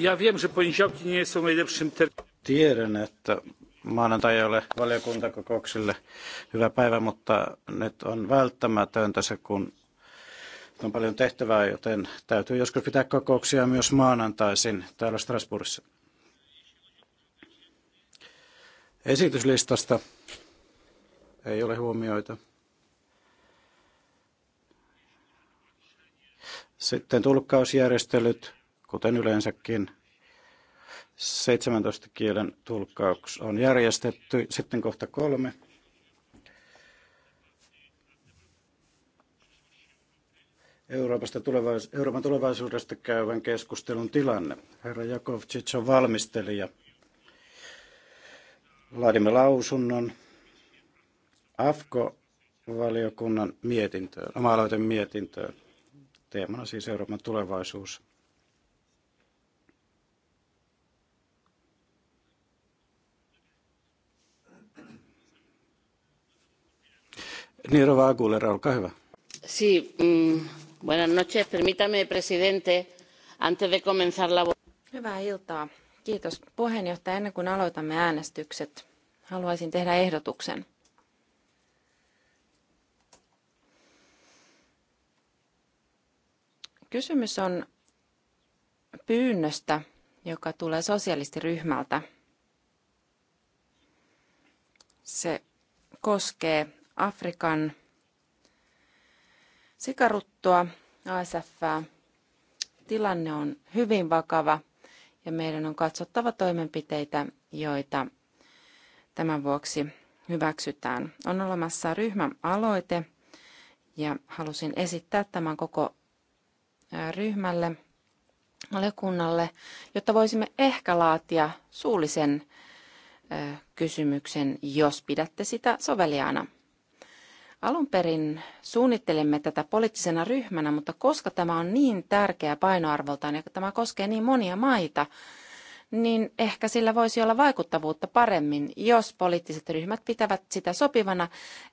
Ja wiem, że poniedziałki nie są najlepszym Tiedän, että maanantai ei ole valiokuntakokouksille hyvä päivä, mutta nyt on välttämätöntä se, kun on paljon tehtävää, joten täytyy joskus pitää kokouksia myös maanantaisin täällä Strasbourgissa. Esityslistasta ei ole huomioita. Sitten tulkkausjärjestelyt kuten yleensäkin. 17 kielen tulkkaus on järjestetty. Sitten kohta kolme. Euroopasta tulevais- Euroopan tulevaisuudesta käyvän keskustelun tilanne. Herra Jakovcic on valmistelija. Laadimme lausunnon AFKO-valiokunnan mietintöön, oma mietintöön. Teemana siis Euroopan tulevaisuus. Nirova Aguilera, olkaa hyvä. Sí, mm, buenas noches. Permítame, presidente, antes de comenzar la... Hyvää iltaa. Kiitos puheenjohtaja. Ennen kuin aloitamme äänestykset, haluaisin tehdä ehdotuksen. Kysymys on pyynnöstä, joka tulee sosialistiryhmältä. Se koskee Afrikan sikaruttoa, ASF. Tilanne on hyvin vakava ja meidän on katsottava toimenpiteitä, joita tämän vuoksi hyväksytään. On olemassa ryhmäaloite ja halusin esittää tämän koko ryhmälle, valiokunnalle, jotta voisimme ehkä laatia suullisen kysymyksen, jos pidätte sitä soveliaana. Alun perin suunnittelimme tätä poliittisena ryhmänä, mutta koska tämä on niin tärkeä painoarvoltaan ja tämä koskee niin monia maita, niin ehkä sillä voisi olla vaikuttavuutta paremmin, jos poliittiset ryhmät pitävät sitä sopivana,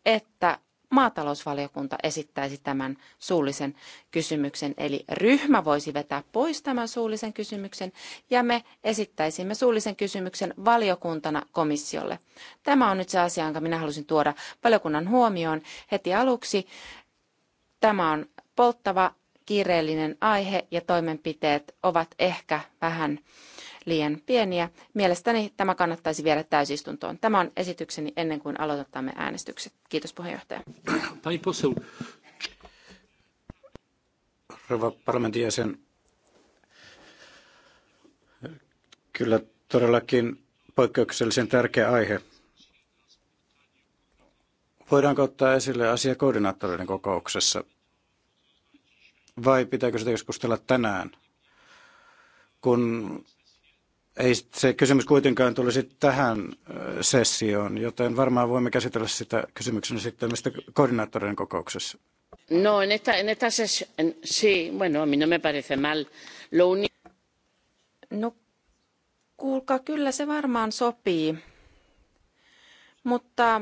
että maatalousvaliokunta esittäisi tämän suullisen kysymyksen. Eli ryhmä voisi vetää pois tämän suullisen kysymyksen ja me esittäisimme suullisen kysymyksen valiokuntana komissiolle. Tämä on nyt se asia, jonka minä halusin tuoda valiokunnan huomioon heti aluksi. Tämä on polttava kiireellinen aihe ja toimenpiteet ovat ehkä vähän liian pieniä. Mielestäni tämä kannattaisi viedä täysistuntoon. Tämä on esitykseni ennen kuin aloitamme äänestykset. Kiitos puheenjohtaja. Tai Rouva parlamentin jäsen. Kyllä todellakin poikkeuksellisen tärkeä aihe. Voidaanko ottaa esille asia koordinaattoreiden kokouksessa? Vai pitääkö sitä keskustella tänään? kun ei se kysymys kuitenkaan tulisi tähän sessioon, joten varmaan voimme käsitellä sitä kysymyksenä sitten mistä koordinaattoreiden kokouksessa. No, en esta, en esta sesión, sí, bueno, a mí no me parece mal. Lo uni... No, kuulkaa, kyllä se varmaan sopii. Mutta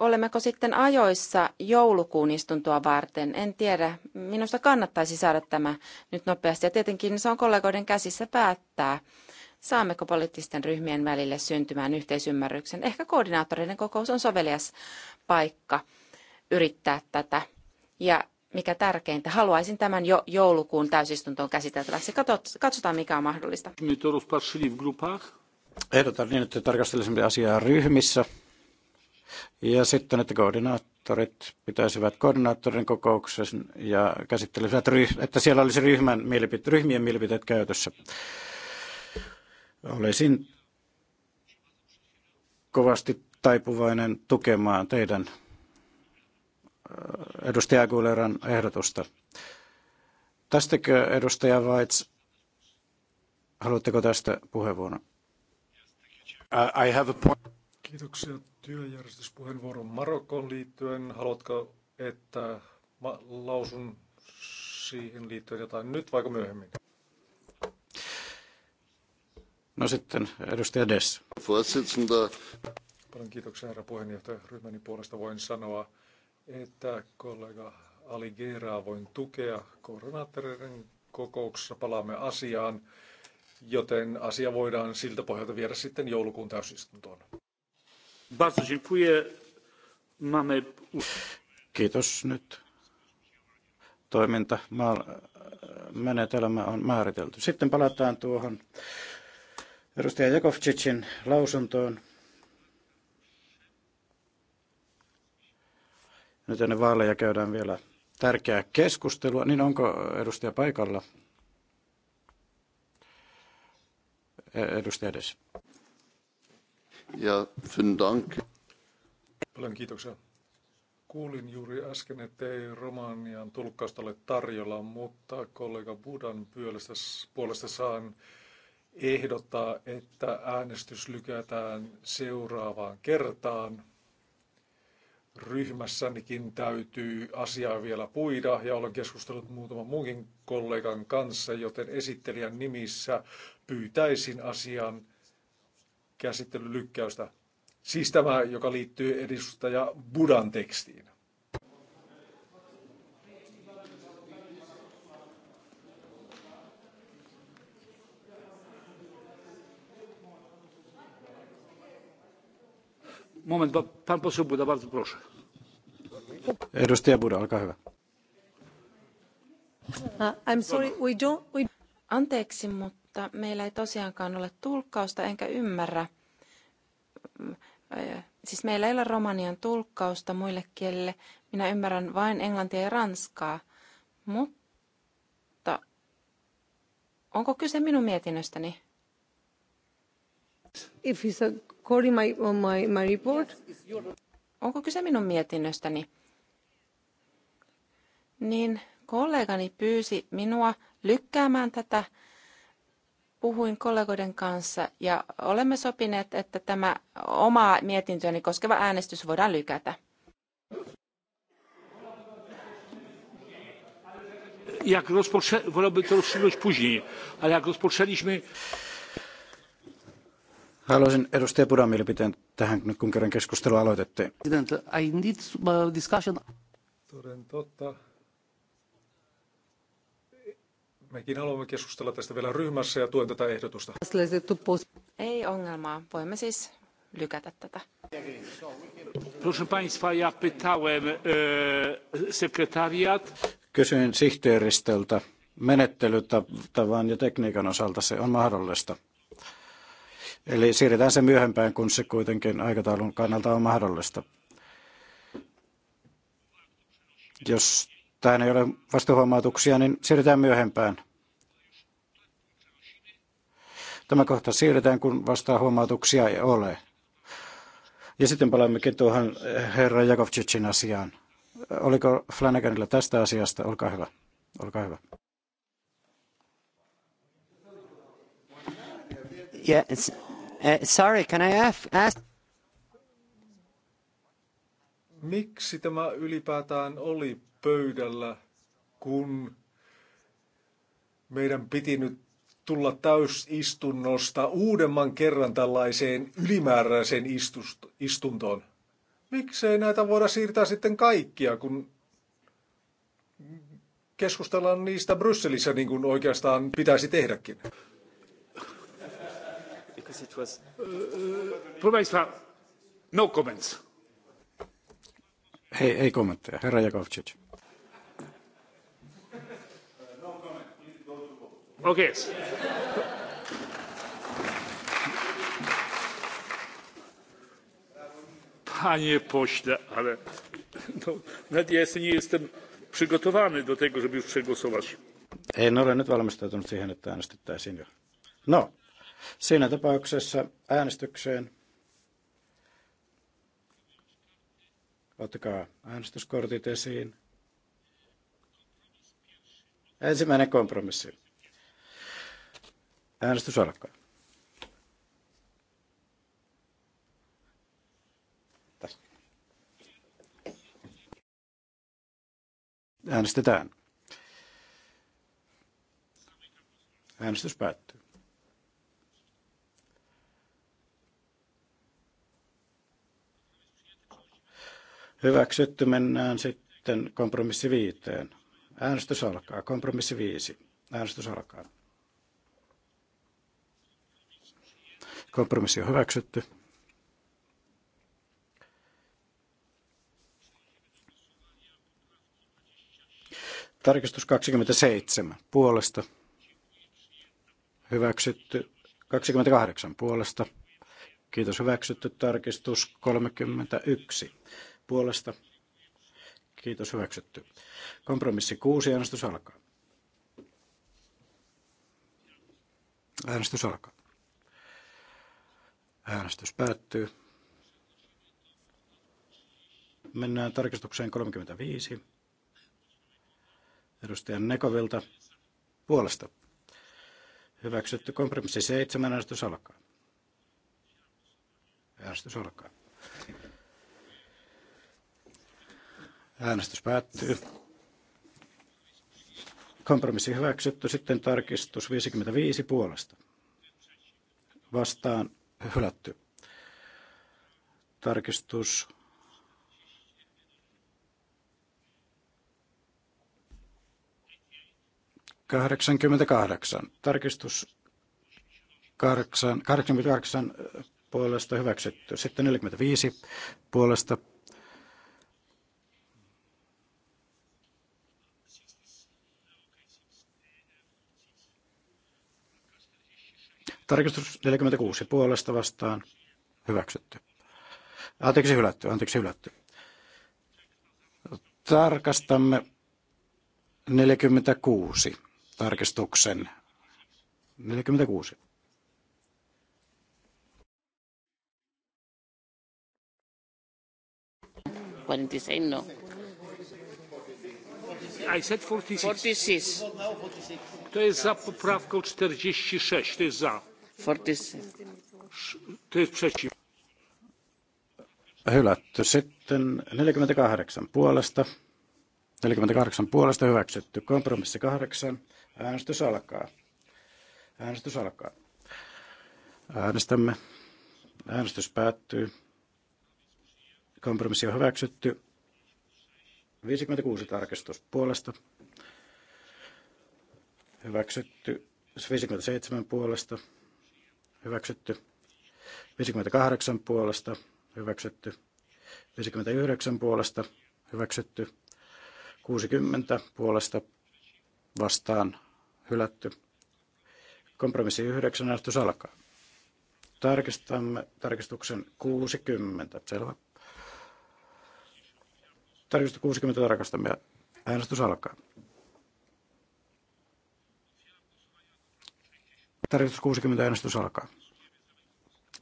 olemmeko sitten ajoissa joulukuun istuntoa varten? En tiedä. Minusta kannattaisi saada tämä nyt nopeasti. Ja tietenkin se on kollegoiden käsissä päättää. Saammeko poliittisten ryhmien välille syntymään yhteisymmärryksen? Ehkä koordinaattoreiden kokous on sovelias paikka yrittää tätä. Ja mikä tärkeintä, haluaisin tämän jo joulukuun täysistuntoon käsiteltäväksi. Katsotaan, mikä on mahdollista. Ehdotan niin, että tarkastelisimme asiaa ryhmissä. Ja sitten, että koordinaattorit pitäisivät koordinaattorin kokouksen ja käsittelisivät, että siellä olisi ryhmän mielipite, ryhmien mielipiteet käytössä. Olisin kovasti taipuvainen tukemaan teidän äh, edustaja Aguileran ehdotusta. Tästäkö edustaja Weitz, haluatteko tästä puheenvuoron? I have a point. Kiitoksia työjärjestyspuheenvuoron Marokkoon liittyen. Haluatko, että lausun siihen liittyen jotain nyt vai myöhemmin? No sitten edustaja Dess. Paljon kiitoksia herra puheenjohtaja. Ryhmäni puolesta voin sanoa, että kollega Ali Geeraa voin tukea. Koordinaattoreiden kokouksessa palaamme asiaan, joten asia voidaan siltä pohjalta viedä sitten joulukuun täysistuntoon. Bardzo dziękuję. Mamy... Kiitos nyt. toiminta Toimintamenetelmä on määritelty. Sitten palataan tuohon edustaja Jakovcicin lausuntoon. Nyt ennen vaaleja käydään vielä tärkeää keskustelua. Niin onko edustaja paikalla? E, edustaja Des. Ja, vielen dank. Paljon kiitoksia. Kuulin juuri äsken, että ei Romanian tulkkausta ole tarjolla, mutta kollega Budan puolesta, puolesta saan ehdottaa, että äänestys lykätään seuraavaan kertaan. Ryhmässänikin täytyy asiaa vielä puida ja olen keskustellut muutaman muunkin kollegan kanssa, joten esittelijän nimissä pyytäisin asian käsittelylykkäystä. Siis tämä, joka liittyy edustaja Budan tekstiin. Moment, pan poseł Buda, bardzo proszę. Edustaja Buda, olkaa hyvä. Uh, I'm sorry, we don't, we... Anteeksi, mutta meillä ei tosiaankaan ole tulkkausta, enkä ymmärrä. Mm, äh, siis meillä ei ole romanian tulkkausta muille kielille. Minä ymmärrän vain englantia ja ranskaa. Mutta onko kyse minun mietinnöstäni? If it's according my, my, my report. Onko kyse minun mietinnöstäni? Niin kollegani pyysi minua lykkäämään tätä. Puhuin kollegoiden kanssa ja olemme sopineet, että tämä omaa mietintöäni koskeva äänestys voidaan lykätä. Jak rozpoczę, wolałbym to rozstrzygnąć później, ale jak rozpoczęliśmy... Haluaisin edustaja Pudan mielipiteen tähän, nyt kun kerran keskustelu aloitettiin. I need uh, discussion. Toden totta. Mekin haluamme keskustella tästä vielä ryhmässä ja tuen tätä ehdotusta. Ei ongelmaa, voimme siis lykätä tätä. Proszę Państwa, ja pytałem e, sekretariat. Kysyin sihteeristöltä menettelytavan ja tekniikan osalta, se on mahdollista. Eli siirretään se myöhempään, kun se kuitenkin aikataulun kannalta on mahdollista. Jos tähän ei ole vastuhuomautuksia, niin siirretään myöhempään. Tämä kohta siirretään, kun vastahuomautuksia ei ole. Ja sitten palaammekin tuohon herra Jakovcicin asiaan. Oliko Flanaganilla tästä asiasta? Olkaa hyvä. Olkaa hyvä. it's... Eh, sorry, can I ask? Miksi tämä ylipäätään oli pöydällä, kun meidän piti nyt tulla täysistunnosta uudemman kerran tällaiseen ylimääräiseen istuntoon? Miksei näitä voida siirtää sitten kaikkia, kun keskustellaan niistä Brysselissä niin kuin oikeastaan pitäisi tehdäkin? yes, Proszę Państwa, no comments. Ei, ei kommentteja. Herra Jakovčić. Okej. Okay. Panie pośle, ale no, nawet ja jeszcze nie jestem przygotowany do tego, żeby już przegłosować. En ole nyt valmistautunut siihen, että äänestettäisiin jo. No, Siinä tapauksessa äänestykseen. Ottakaa äänestyskortit esiin. Ensimmäinen kompromissi. Äänestys alkaa. Äänestetään. Äänestys päättyy. Hyväksytty mennään sitten kompromissi viiteen. Äänestys alkaa. Kompromissi viisi. Äänestys alkaa. Kompromissi on hyväksytty. Tarkistus 27 puolesta. Hyväksytty 28 puolesta. Kiitos hyväksytty tarkistus 31 puolesta. Kiitos, hyväksytty. Kompromissi 6, äänestys alkaa. Äänestys alkaa. Äänestys päättyy. Mennään tarkistukseen 35. Edustajan Nekovilta puolesta. Hyväksytty kompromissi 7. Äänestys alkaa. Äänestys alkaa. Äänestys päättyy. Kompromissi hyväksytty. Sitten tarkistus 55 puolesta. Vastaan hylätty. Tarkistus Kahdeksankymmentäkahdeksan. Tarkistus 88 puolesta hyväksytty. Sitten 45 puolesta Tarkistus 46 puolesta vastaan hyväksytty. Anteeksi hylätty, anteeksi hylätty. Tarkastamme 46 tarkistuksen. 46. no. I said 46. 46. To jest za poprawką 46. To jest za. Fortis. Hylätty. Sitten 48 puolesta. 48 puolesta hyväksytty. Kompromissi 8. Äänestys alkaa. Äänestys alkaa. Äänestämme. Äänestys päättyy. Kompromissi on hyväksytty. 56 tarkistus puolesta. Hyväksytty 57 puolesta hyväksytty. 58 puolesta, hyväksytty. 59 puolesta, hyväksytty. 60 puolesta, vastaan, hylätty. Kompromissi 9 äänestys alkaa. Tarkistamme tarkistuksen 60. Selvä. Tarkistus 60 tarkastamme ja äänestys alkaa. Tarkistus 60 äänestys alkaa.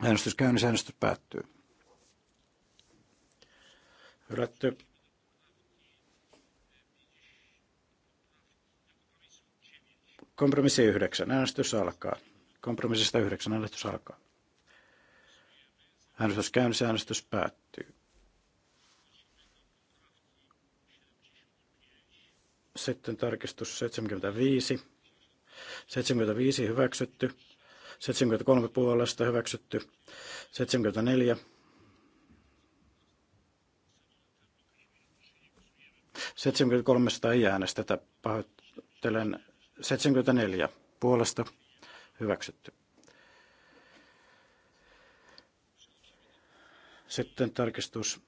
Äänestys käynnissä, äänestys päättyy. Hylätty. Kompromissi 9. Äänestys alkaa. Kompromissista 9. Äänestys alkaa. Äänestys käynnissä, äänestys päättyy. Sitten tarkistus 75. 75 hyväksytty, 73 puolesta hyväksytty, 74 73 ei äänestetä, pahoittelen 74 puolesta hyväksytty. Sitten tarkistus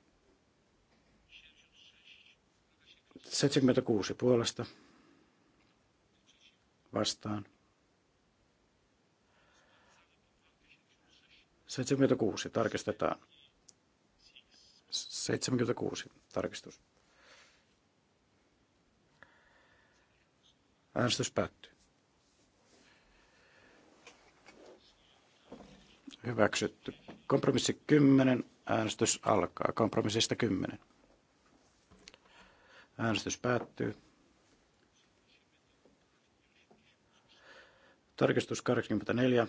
76 puolesta vastaan. 76 tarkistetaan. 76 tarkistus. Äänestys päättyy. Hyväksytty. Kompromissi 10. Äänestys alkaa. Kompromissista 10. Äänestys päättyy. Tarkistus 84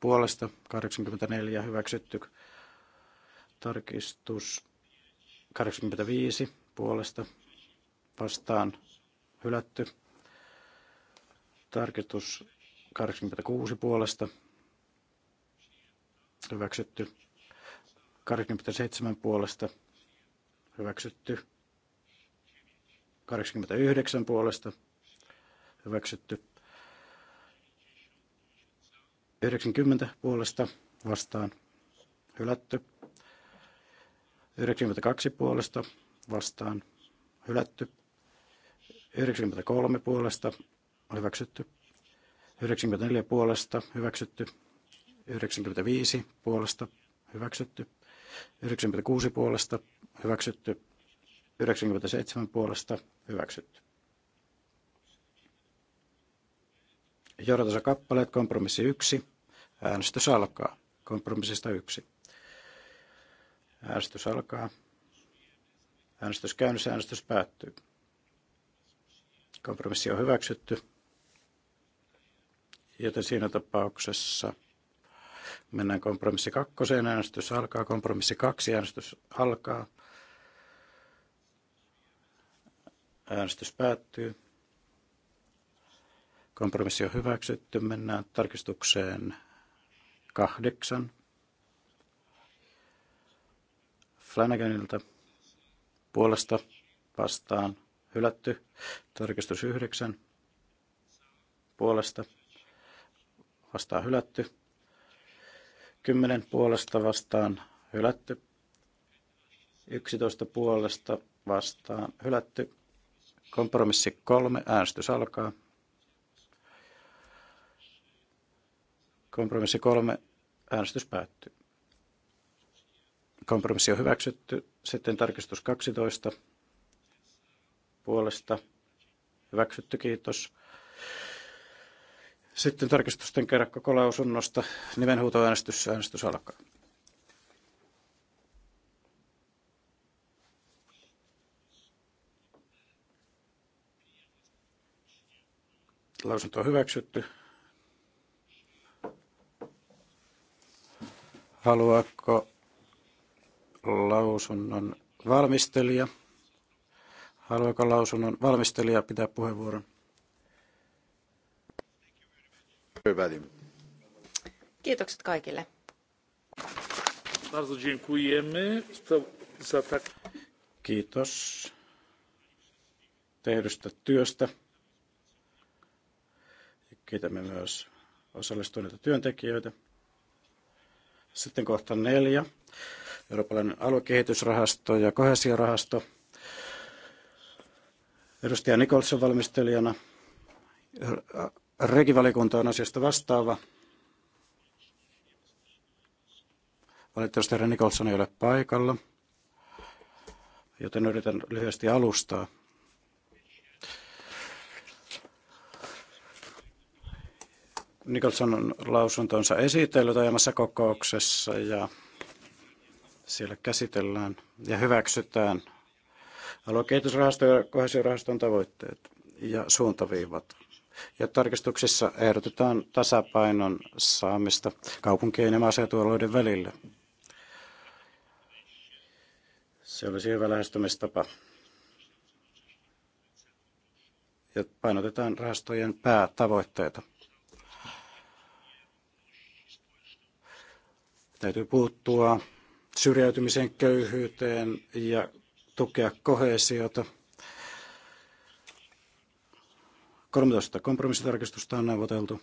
puolesta, 84 hyväksytty. Tarkistus 85 puolesta vastaan hylätty. Tarkistus 86 puolesta hyväksytty. 87 puolesta hyväksytty. 89 puolesta hyväksytty. 90 puolesta vastaan hylätty. 92 puolesta vastaan hylätty. 93 puolesta hyväksytty. 94 puolesta hyväksytty. 95 puolesta hyväksytty. 96 puolesta hyväksytty. 97 puolesta hyväksytty. Johdatonsa kappaleet, kompromissi 1. Äänestys alkaa. Kompromissista 1. Äänestys alkaa. Äänestys käynnissä, äänestys päättyy. Kompromissi on hyväksytty, joten siinä tapauksessa mennään kompromissi kakkoseen, äänestys alkaa, kompromissi kaksi, äänestys alkaa, äänestys päättyy. Kompromissi on hyväksytty. Mennään tarkistukseen kahdeksan. Flanaganilta puolesta vastaan hylätty. Tarkistus yhdeksän puolesta vastaan hylätty. Kymmenen puolesta vastaan hylätty. yksitoista puolesta vastaan hylätty. Kompromissi kolme Äänestys alkaa. Kompromissi kolme. Äänestys päättyy. Kompromissi on hyväksytty. Sitten tarkistus 12 puolesta. Hyväksytty, kiitos. Sitten tarkistusten kerrakko kolausunnosta. Nimenhuutoäänestys, äänestys alkaa. Lausunto on hyväksytty. Haluaako lausunnon valmistelija? Haluaako lausunnon valmistelija pitää puheenvuoron? Kiitokset kaikille. Kiitos tehdystä työstä. Kiitämme myös osallistuneita työntekijöitä. Sitten kohta neljä. Eurooppalainen aluekehitysrahasto ja kohesiorahasto. Edustaja Nikolson valmistelijana. Regivalikunta on asiasta vastaava. Valitettavasti herra Nikolson ei ole paikalla, joten yritän lyhyesti alustaa Nicholson on lausuntonsa esitellyt ajamassa kokouksessa ja siellä käsitellään ja hyväksytään aluekehitysrahasto ja kohesiorahaston tavoitteet ja suuntaviivat. Ja tarkistuksissa ehdotetaan tasapainon saamista kaupunkien ja maaseutualueiden välillä. Se olisi hyvä lähestymistapa. Ja painotetaan rahastojen päätavoitteita. Täytyy puuttua syrjäytymiseen, köyhyyteen ja tukea kohesiota. 13 kompromissitarkistusta on neuvoteltu.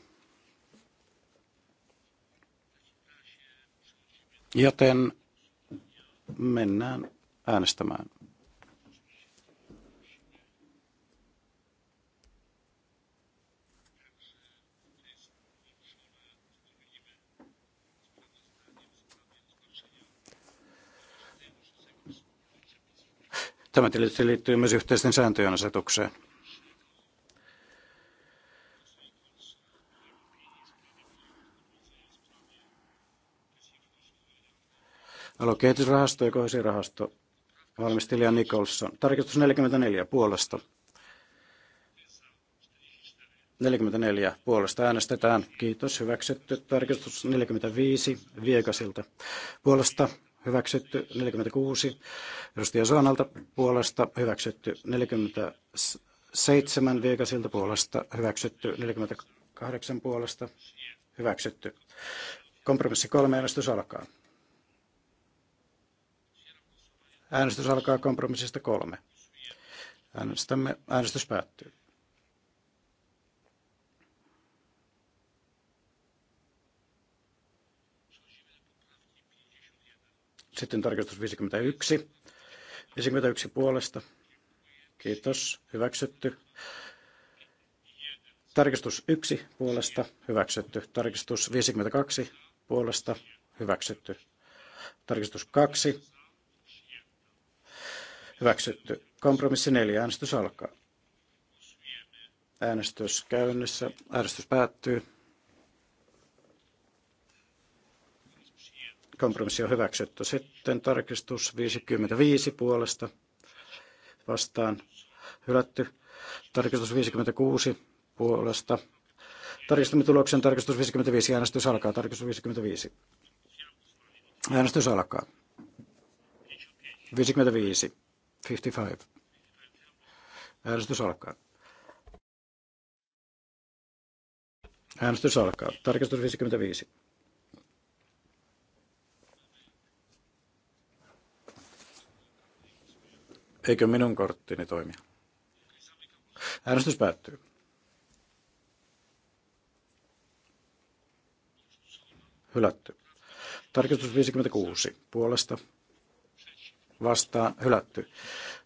Joten mennään äänestämään. Tämä tietysti liittyy myös yhteisten sääntöjen asetukseen. Alokehitysrahasto ja kohesirahasto valmistelija Nicholson. Tarkistus 44 puolesta. 44 puolesta äänestetään. Kiitos. Hyväksytty. Tarkistus 45 Viekasilta puolesta hyväksytty 46, edustaja Soonalta puolesta hyväksytty 47, Viikasilta puolesta hyväksytty 48 puolesta hyväksytty. Kompromissi kolme äänestys alkaa. Äänestys alkaa kompromissista kolme. Äänestämme, äänestys päättyy. Sitten tarkastus 51. 51 puolesta. Kiitos. Hyväksytty. Tarkistus 1 puolesta. Hyväksytty. Tarkistus 52 puolesta. Hyväksytty. Tarkistus 2. Hyväksytty. Kompromissi 4. Äänestys alkaa. Äänestys käynnissä. Äänestys päättyy. Kompromissi on hyväksytty. Sitten tarkistus 55 puolesta vastaan hylätty. Tarkistus 56 puolesta. Tarkistamme tuloksen. Tarkistus 55. Äänestys alkaa. Tarkistus 55. Äänestys alkaa. 55. 55. Äänestys alkaa. Äänestys alkaa. Tarkistus 55. Eikö minun korttini toimi? Äänestys päättyy. Hylätty. Tarkistus 56 puolesta vastaan hylätty.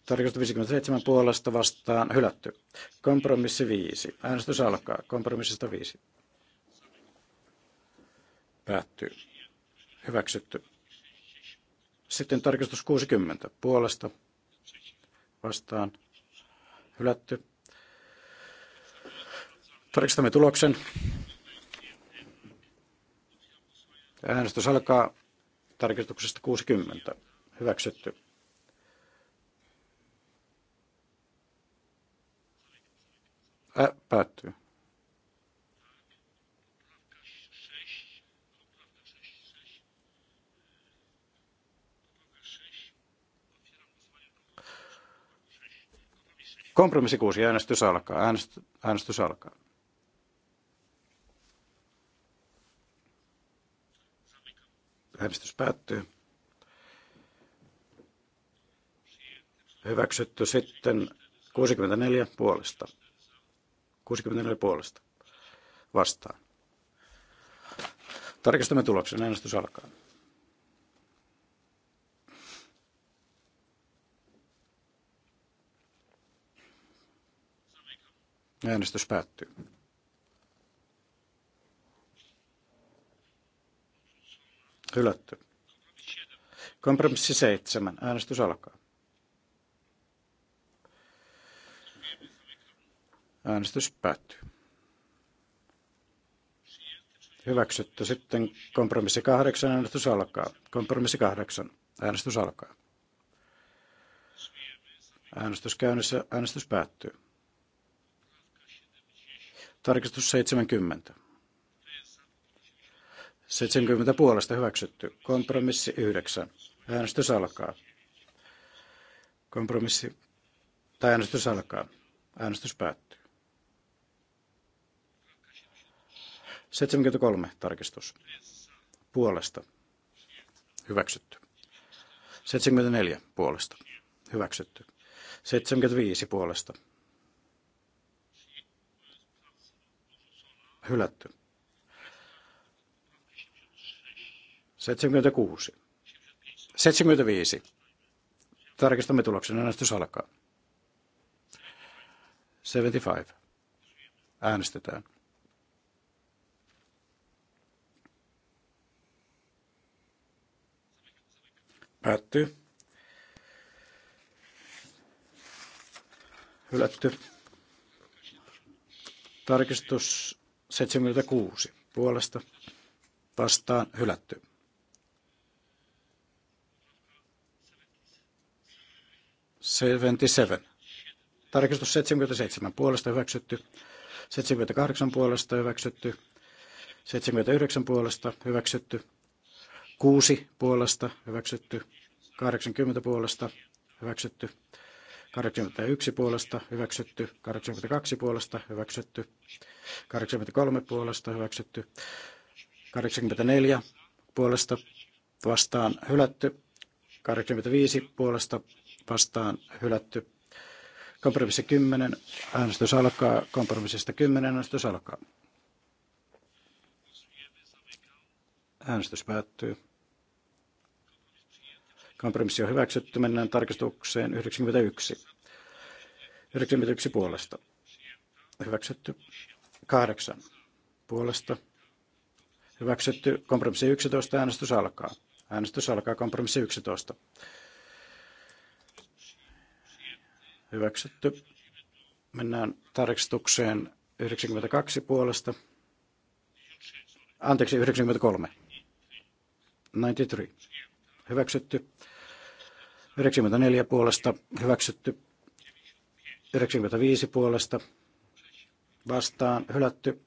Tarkistus 57 puolesta vastaan hylätty. Kompromissi 5. Äänestys alkaa. Kompromissista 5. Päättyy. Hyväksytty. Sitten tarkistus 60 puolesta vastaan hylätty. Tarkistamme tuloksen. Äänestys alkaa tarkistuksesta 60. Hyväksytty. Ä, päättyy. Kompromissi kuusi, Äänestys alkaa. Äänestys, äänestys alkaa. Äänestys päättyy. Hyväksytty sitten 64 puolesta. 64 puolesta vastaan. Tarkistamme tuloksen. Äänestys alkaa. Äänestys päättyy. Hylätty. Kompromissi seitsemän. Äänestys alkaa. Äänestys päättyy. Hyväksytty. Sitten kompromissi kahdeksan. Äänestys alkaa. Kompromissi kahdeksan. Äänestys alkaa. Äänestys käynnissä. Äänestys päättyy. Tarkistus 70. 70 puolesta hyväksytty. Kompromissi 9. Äänestys alkaa. Kompromissi tai äänestys alkaa. Äänestys päättyy. 73 tarkistus. Puolesta. Hyväksytty. 74 puolesta. Hyväksytty. 75 puolesta. Hylätty. 76. 75. Tarkistamme tuloksen. Äänestys alkaa. 75. Äänestetään. Päättyy. Hylätty. Tarkistus 76 puolesta vastaan hylätty. Seventy-seven. Tarkistus 77 puolesta hyväksytty, 78 puolesta hyväksytty, 79 puolesta hyväksytty, 6 puolesta hyväksytty, 80 puolesta hyväksytty, 81 puolesta hyväksytty, 82 puolesta hyväksytty, 83 puolesta hyväksytty, 84 puolesta vastaan hylätty, 85 puolesta vastaan hylätty. Kompromissi 10, äänestys alkaa. Kompromissista 10, äänestys alkaa. Äänestys päättyy. Kompromissi on hyväksytty. Mennään tarkistukseen 91. 91 puolesta. Hyväksytty. 8 puolesta. Hyväksytty. Kompromissi 11. Äänestys alkaa. Äänestys alkaa. Kompromissi 11. Hyväksytty. Mennään tarkistukseen 92 puolesta. Anteeksi, 93. 93. Hyväksytty. 94 puolesta hyväksytty, 95 puolesta vastaan hylätty,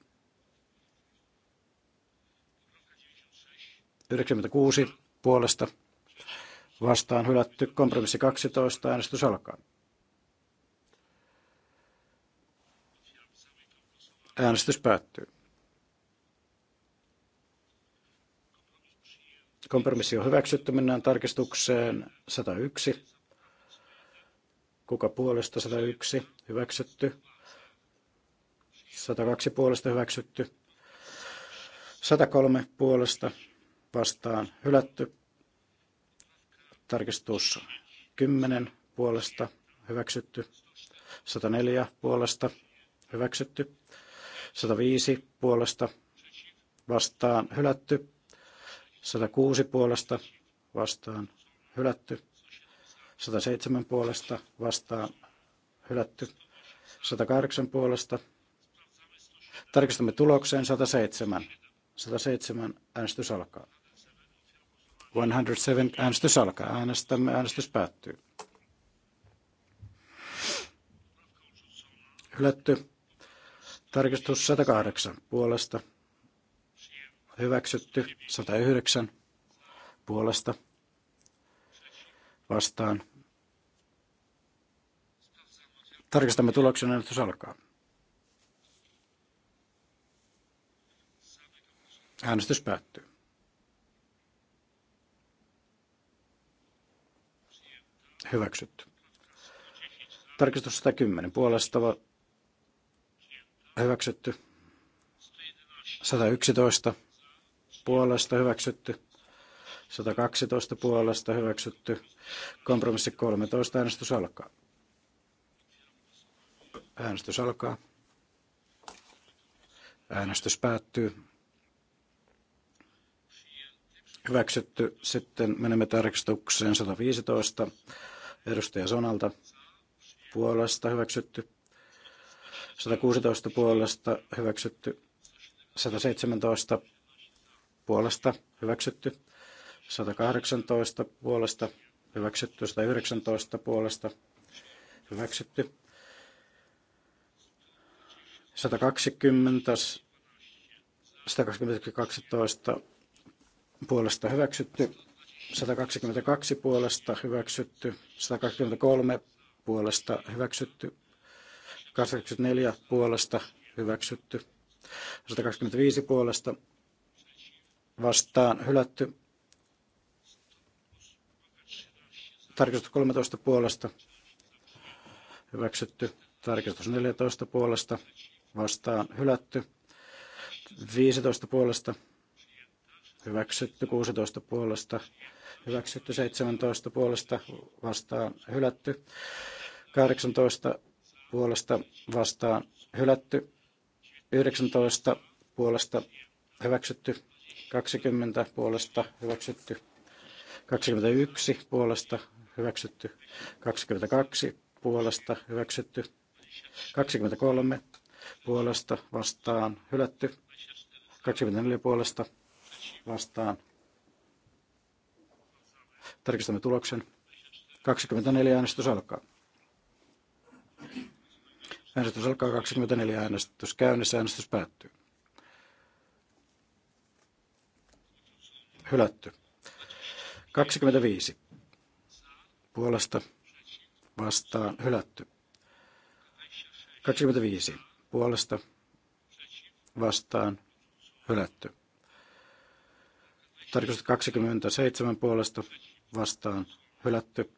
96 puolesta vastaan hylätty, kompromissi 12, äänestys alkaa. Äänestys päättyy. Kompromissi on hyväksytty. Mennään tarkistukseen 101. Kuka puolesta 101? Hyväksytty. 102 puolesta hyväksytty. 103 puolesta vastaan hylätty. Tarkistus 10 puolesta hyväksytty. 104 puolesta hyväksytty. 105 puolesta vastaan hylätty. 106 puolesta vastaan hylätty. 107 puolesta vastaan hylätty. 108 puolesta. Tarkistamme tulokseen 107. 107 äänestys alkaa. 107 äänestys alkaa. Äänestämme, äänestys päättyy. Hylätty. Tarkistus 108 puolesta hyväksytty 109 puolesta vastaan. Tarkistamme tuloksen äänestys alkaa. Äänestys päättyy. Hyväksytty. Tarkistus 110 puolesta hyväksytty. 111 puolesta hyväksytty, 112 puolesta hyväksytty, kompromissi 13, äänestys alkaa. Äänestys alkaa. Äänestys päättyy. Hyväksytty. Sitten menemme tarkistukseen 115. Edustaja Sonalta puolesta hyväksytty. 116 puolesta hyväksytty. 117 puolesta hyväksytty, 118 puolesta hyväksytty, 119 puolesta hyväksytty, 120, 122 puolesta hyväksytty, 122 puolesta hyväksytty, 123 puolesta hyväksytty, 84 puolesta hyväksytty, 125 puolesta vastaan hylätty. Tarkistus 13 puolesta hyväksytty. Tarkistus 14 puolesta vastaan hylätty. 15 puolesta hyväksytty. 16 puolesta hyväksytty. 17 puolesta vastaan hylätty. 18 puolesta vastaan hylätty. 19 puolesta hyväksytty. 20 puolesta hyväksytty, 21 puolesta hyväksytty, 22 puolesta hyväksytty, 23 puolesta vastaan hylätty, 24 puolesta vastaan. Tarkistamme tuloksen. 24 äänestys alkaa. Äänestys alkaa 24 äänestys käynnissä, äänestys päättyy. hylätty. 25 puolesta vastaan hylätty. 25 puolesta vastaan hylätty. Tarkoitus 27 puolesta vastaan hylätty.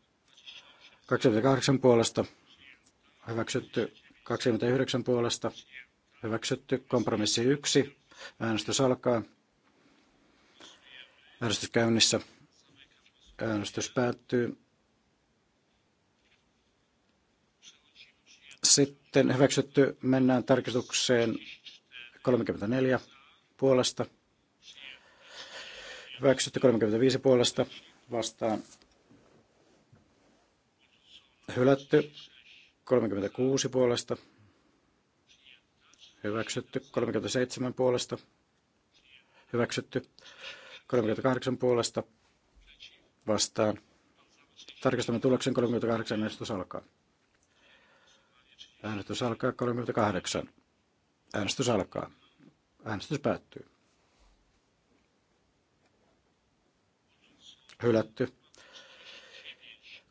28 puolesta hyväksytty. 29 puolesta hyväksytty. Kompromissi 1. Äänestys alkaa. Äänestys käynnissä. Äänestys päättyy. Sitten hyväksytty. Mennään tarkistukseen 34 puolesta. Hyväksytty 35 puolesta vastaan. Hylätty 36 puolesta. Hyväksytty 37 puolesta. Hyväksytty 38 puolesta vastaan. Tarkistamme tuloksen 38. Äänestys alkaa. Äänestys alkaa 38. Äänestys alkaa. Äänestys päättyy. Hylätty.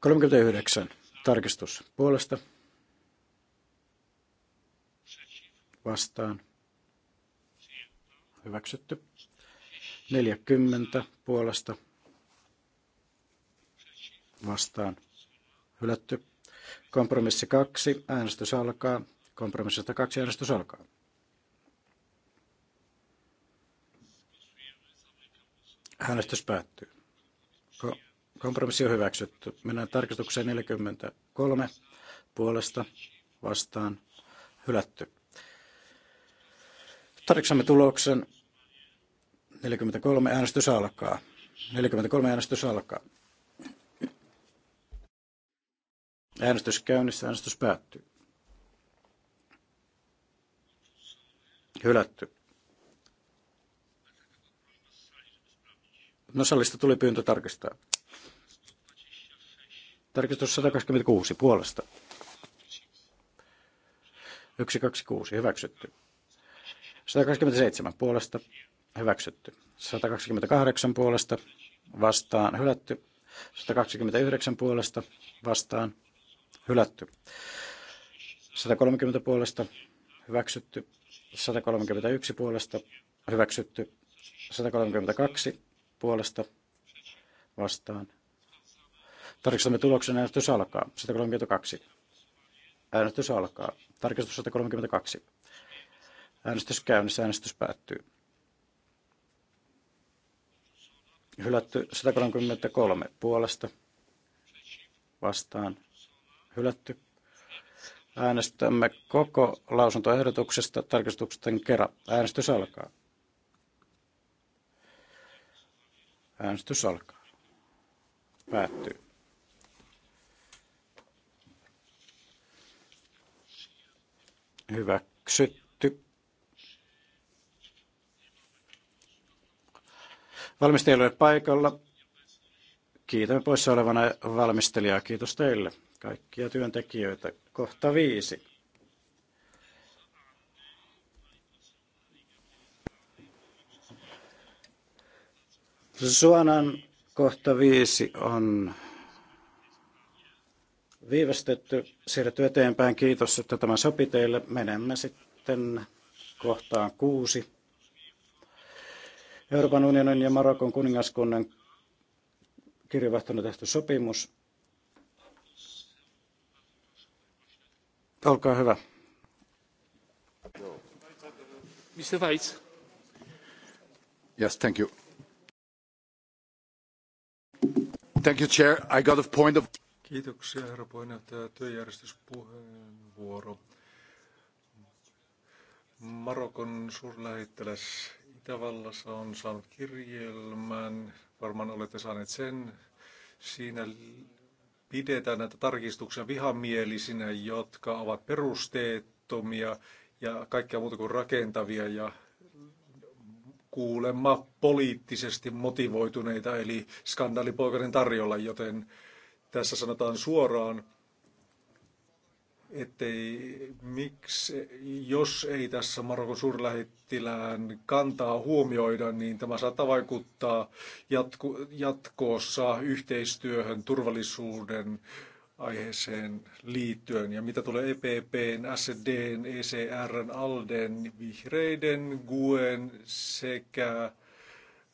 39. Tarkistus puolesta. Vastaan. Hyväksytty. 40 puolesta vastaan hylätty. Kompromissi 2, äänestys alkaa. Kompromissi kaksi äänestys alkaa. Äänestys päättyy. Ko- kompromissi on hyväksytty. Mennään tarkistukseen 43 puolesta vastaan hylätty. Tarkistamme tuloksen 43 äänestys alkaa. 43 äänestys alkaa. Äänestys käynnissä, äänestys päättyy. Hylätty. No salista tuli pyyntö tarkistaa. Tarkistus 126 puolesta. 126 hyväksytty. 127 puolesta hyväksytty. 128 puolesta vastaan hylätty. 129 puolesta vastaan hylätty. 130 puolesta hyväksytty. 131 puolesta hyväksytty. 132 puolesta vastaan. Tarkistamme tuloksen äänestys alkaa. 132. Äänestys alkaa. Tarkistus 132. Äänestys käynnissä. Äänestys päättyy. hylätty 133 puolesta vastaan hylätty. Äänestämme koko lausuntoehdotuksesta tarkistuksen kerran. Äänestys alkaa. Äänestys alkaa. Päättyy. Hyväksytty. Valmistaja ole paikalla. Kiitämme poissa olevana valmistelijaa. Kiitos teille kaikkia työntekijöitä. Kohta viisi. Suonan kohta viisi on viivästetty, siirretty eteenpäin. Kiitos, että tämä sopi teille. Menemme sitten kohtaan kuusi. Euroopan unionin ja Marokon kuningaskunnan kirjavahtona tehty sopimus. Olkaa hyvä. Mr. Weitz. Yes, thank you. Thank you, Chair. I got a point of... Kiitoksia, herra puheenjohtaja. Työjärjestyspuheenvuoro. Marokon suurlähettiläs Itävallassa on saanut kirjelmän. Varmaan olette saaneet sen. Siinä pidetään näitä tarkistuksia vihamielisinä, jotka ovat perusteettomia ja kaikkea muuta kuin rakentavia ja kuulemma poliittisesti motivoituneita, eli skandaalipoikainen tarjolla, joten tässä sanotaan suoraan, ettei miksi, jos ei tässä Marokon suurlähettilään kantaa huomioida, niin tämä saattaa vaikuttaa jatko, jatkoossa yhteistyöhön, turvallisuuden aiheeseen liittyen. Ja mitä tulee EPPn, SDn, ECRn, ALDEn, Vihreiden, GUEn sekä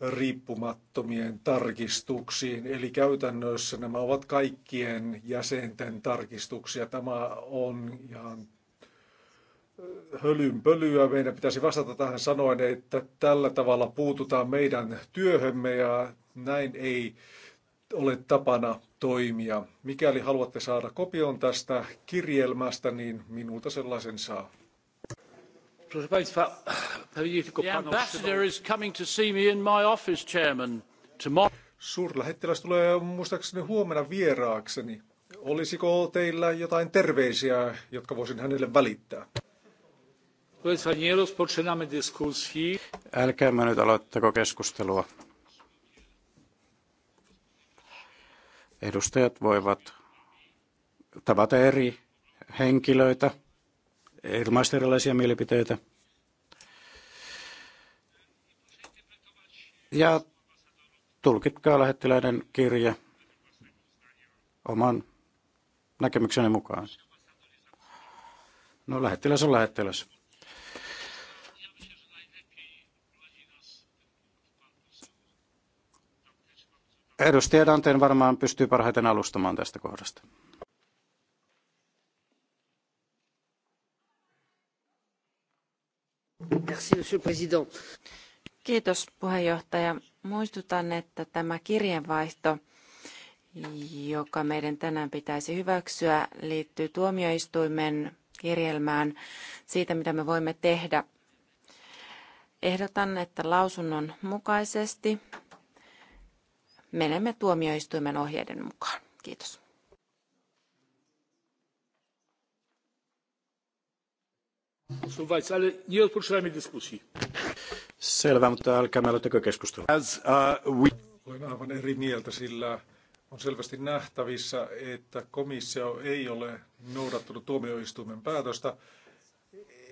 riippumattomien tarkistuksiin. Eli käytännössä nämä ovat kaikkien jäsenten tarkistuksia. Tämä on ihan hölynpölyä. Meidän pitäisi vastata tähän sanoen, että tällä tavalla puututaan meidän työhömme ja näin ei ole tapana toimia. Mikäli haluatte saada kopion tästä kirjelmästä, niin minulta sellaisen saa. Suurlähettiläs tulee muistaakseni huomenna vieraakseni. Olisiko teillä jotain terveisiä, jotka voisin hänelle välittää? Państwa, nie Älkäämme nyt aloittako keskustelua. Edustajat voivat tavata eri henkilöitä ilmaista erilaisia mielipiteitä. Ja tulkitkaa lähettiläiden kirje oman näkemykseni mukaan. No lähettiläs on lähettiläs. Edustaja Danteen varmaan pystyy parhaiten alustamaan tästä kohdasta. Kiitos puhemies Muistutan, että tämä kirjeenvaihto, joka meidän tänään pitäisi hyväksyä, liittyy tuomioistuimen kirjelmään siitä, mitä me voimme tehdä. Ehdotan, että lausunnon mukaisesti menemme tuomioistuimen ohjeiden mukaan. Kiitos. Selvä, mutta älkää aloittako keskustelua. Uh, Olen aivan eri mieltä, sillä on selvästi nähtävissä, että komissio ei ole noudattanut tuomioistuimen päätöstä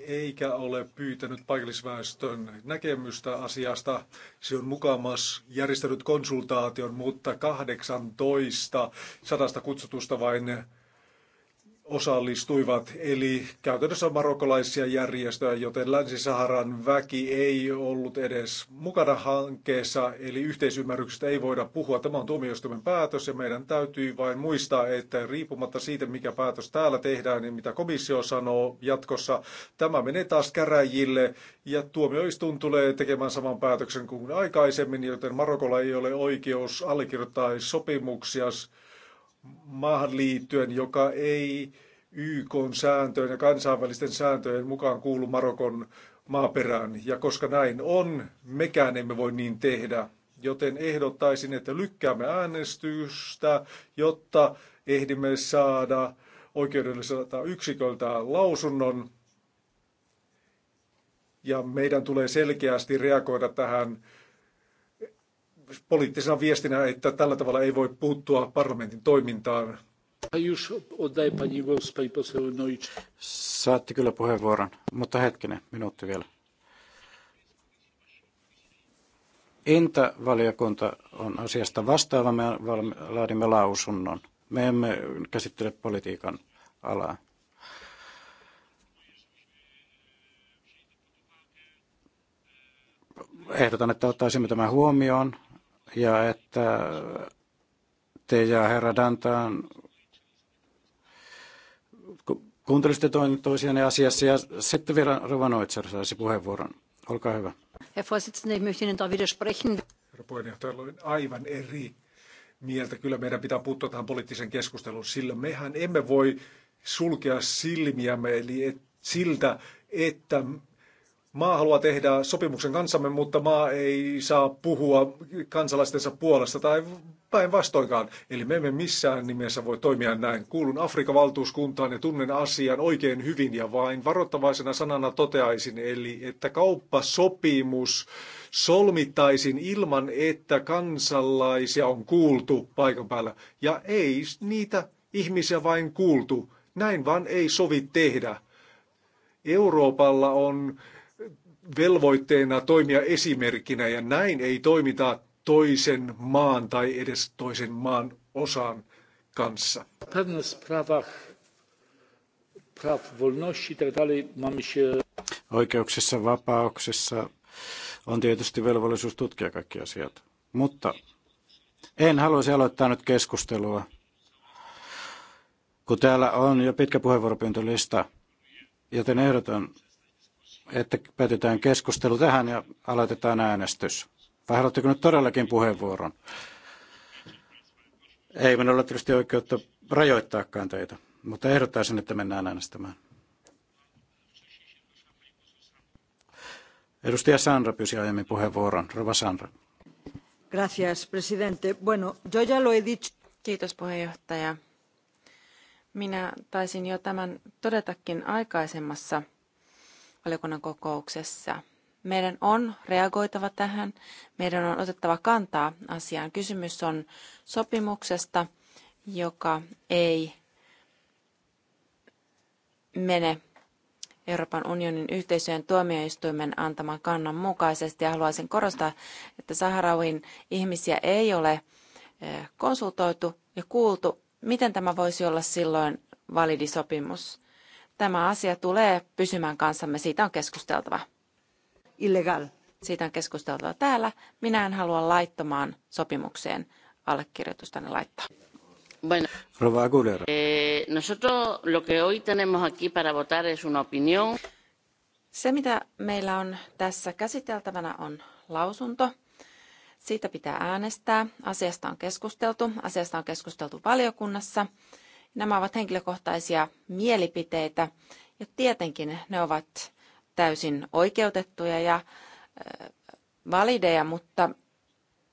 eikä ole pyytänyt paikallisväestön näkemystä asiasta. Se on mukamas järjestänyt konsultaation, mutta 18 sadasta kutsutusta vain osallistuivat, eli käytännössä marokkolaisia järjestöjä, joten Länsi-Saharan väki ei ollut edes mukana hankkeessa, eli yhteisymmärryksestä ei voida puhua. Tämä on tuomioistuimen päätös ja meidän täytyy vain muistaa, että riippumatta siitä, mikä päätös täällä tehdään ja niin mitä komissio sanoo jatkossa, tämä menee taas käräjille ja tuomioistuin tulee tekemään saman päätöksen kuin aikaisemmin, joten Marokolla ei ole oikeus allekirjoittaa sopimuksia maahan liittyen, joka ei YK sääntöjen ja kansainvälisten sääntöjen mukaan kuulu Marokon maaperään. Ja koska näin on, mekään emme voi niin tehdä. Joten ehdottaisin, että lykkäämme äänestystä, jotta ehdimme saada oikeudelliselta yksiköltä lausunnon. Ja meidän tulee selkeästi reagoida tähän poliittisena viestinä, että tällä tavalla ei voi puuttua parlamentin toimintaan. Saatte kyllä puheenvuoron, mutta hetkinen, minuutti vielä. Inta-valiokunta on asiasta vastaava, me laadimme lausunnon. Me emme käsittele politiikan alaa. Ehdotan, että ottaisimme tämän huomioon ja että te ja herra Dantaan kuuntelisitte toisianne asiassa ja sitten vielä Rovanoitser saisi puheenvuoron. Olkaa hyvä. Herr Vorsitzender, ich möchte Ihnen da widersprechen. Herra puheenjohtaja, olen aivan eri mieltä. Kyllä meidän pitää puuttua tähän poliittiseen keskusteluun, sillä mehän emme voi sulkea silmiämme eli et, siltä, että Maa haluaa tehdä sopimuksen kanssamme, mutta maa ei saa puhua kansalaistensa puolesta tai päinvastoinkaan. Eli me emme missään nimessä voi toimia näin. Kuulun Afrikan valtuuskuntaan ja tunnen asian oikein hyvin ja vain varoittavaisena sanana toteaisin, eli että kauppasopimus solmittaisin ilman, että kansalaisia on kuultu paikan päällä. Ja ei niitä ihmisiä vain kuultu. Näin vaan ei sovi tehdä. Euroopalla on velvoitteena toimia esimerkkinä ja näin ei toimita toisen maan tai edes toisen maan osan kanssa. Oikeuksissa, vapauksissa on tietysti velvollisuus tutkia kaikki asiat. Mutta en haluaisi aloittaa nyt keskustelua, kun täällä on jo pitkä puheenvuoropyyntölista, joten ehdotan, että päätetään keskustelu tähän ja aloitetaan äänestys. Vai haluatteko nyt todellakin puheenvuoron? Ei minulla ole tietysti oikeutta rajoittaakaan teitä, mutta ehdottaisin, että mennään äänestämään. Edustaja Sandra pyysi aiemmin puheenvuoron. Rova Sandra. Gracias, presidente. Bueno, yo ya lo he dicho. Kiitos puheenjohtaja. Minä taisin jo tämän todetakin aikaisemmassa valiokunnan kokouksessa. Meidän on reagoitava tähän, meidän on otettava kantaa asiaan. Kysymys on sopimuksesta, joka ei mene Euroopan unionin yhteisöjen tuomioistuimen antaman kannan mukaisesti. Ja haluaisin korostaa, että Saharauin ihmisiä ei ole eh, konsultoitu ja kuultu. Miten tämä voisi olla silloin validi sopimus? Tämä asia tulee pysymään kanssamme, siitä on keskusteltava. Illegal. Siitä on keskusteltava täällä. Minä en halua laittomaan sopimukseen allekirjoitustani laittaa. Bueno, Rova Aguilera. Eh, nosotros lo que hoy tenemos aquí para votar es una opinión. Se, mitä meillä on tässä käsiteltävänä, on lausunto. Siitä pitää äänestää. Asiasta on keskusteltu. Asiasta on keskusteltu valiokunnassa. Nämä ovat henkilökohtaisia mielipiteitä ja tietenkin ne ovat täysin oikeutettuja ja valideja, mutta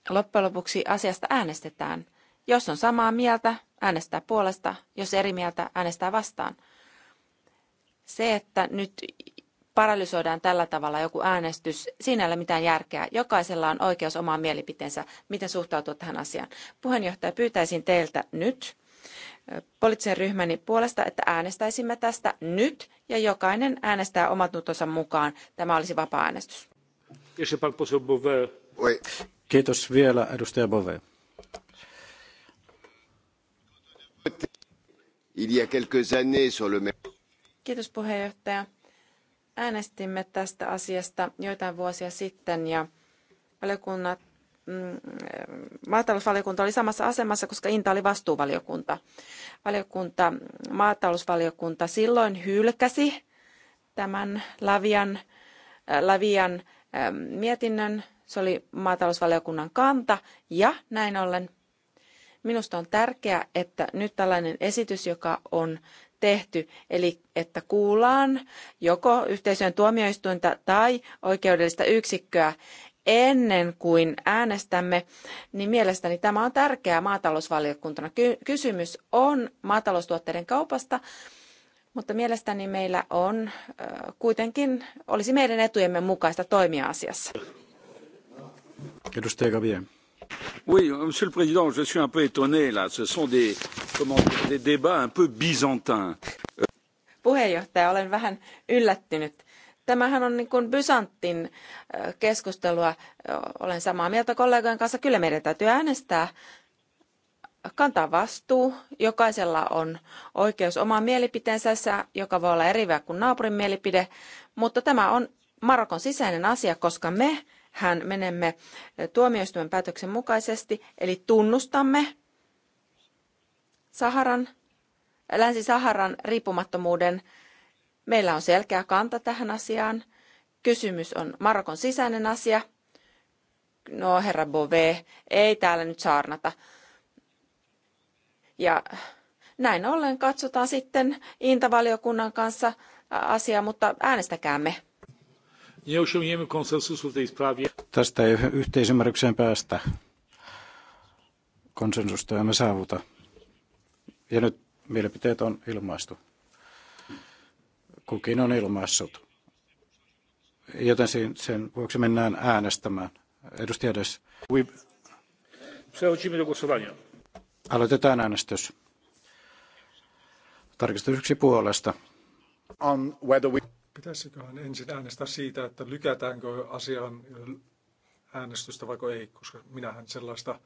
loppujen lopuksi asiasta äänestetään. Jos on samaa mieltä, äänestää puolesta, jos eri mieltä, äänestää vastaan. Se, että nyt paralysoidaan tällä tavalla joku äänestys, siinä ei ole mitään järkeä. Jokaisella on oikeus omaan mielipiteensä, miten suhtautua tähän asiaan. Puheenjohtaja, pyytäisin teiltä nyt poliittisen ryhmäni puolesta, että äänestäisimme tästä nyt ja jokainen äänestää omat nutonsa mukaan. Tämä olisi vapaa-äänestys. Kiitos vielä edustaja Bove. Kiitos puheenjohtaja. Äänestimme tästä asiasta joitain vuosia sitten ja valiokunnat Mm, eh, maatalousvaliokunta oli samassa asemassa, koska Inta oli vastuuvaliokunta. Valiokunta, maatalousvaliokunta silloin hylkäsi tämän Lavian, eh, Lavian eh, mietinnön. Se oli maatalousvaliokunnan kanta ja näin ollen minusta on tärkeää, että nyt tällainen esitys, joka on tehty, eli että kuullaan joko yhteisöjen tuomioistuinta tai oikeudellista yksikköä, ennen kuin äänestämme, niin mielestäni tämä on tärkeä maatalousvaliokuntana. kysymys on maataloustuotteiden kaupasta, mutta mielestäni meillä on kuitenkin, olisi meidän etujemme mukaista toimia asiassa. Edustaja Gavier. Oui, Monsieur le Président, je suis un peu étonné là. Ce sont des, comment des débats un peu byzantins. Puheenjohtaja, olen vähän yllättynyt Tämähän on niin kuin Bysantin keskustelua. Olen samaa mieltä kollegojen kanssa. Kyllä meidän täytyy äänestää kantaa vastuu. Jokaisella on oikeus omaan mielipiteensä, joka voi olla eriviä kuin naapurin mielipide, mutta tämä on Marokon sisäinen asia, koska me hän menemme tuomioistuimen päätöksen mukaisesti, eli tunnustamme Saharan, Länsi-Saharan riippumattomuuden Meillä on selkeä kanta tähän asiaan. Kysymys on Marokon sisäinen asia. No herra Bove, ei täällä nyt saarnata. Ja näin ollen katsotaan sitten Intavaliokunnan kanssa asiaa, mutta äänestäkäämme. Tästä ei yhteisymmärrykseen päästä. Konsensusta emme saavuta. Ja nyt mielipiteet on ilmaistu kukin on ilmaissut. Joten sen vuoksi mennään äänestämään. Edustaja Des. Przechodzimy do głosowania. Aloitetaan äänestys. Tarkistus yksi puolesta. On whether we... Pitäisiköhän ensin äänestää siitä, että lykätäänkö asian äänestystä vai ei, koska minähän sellaista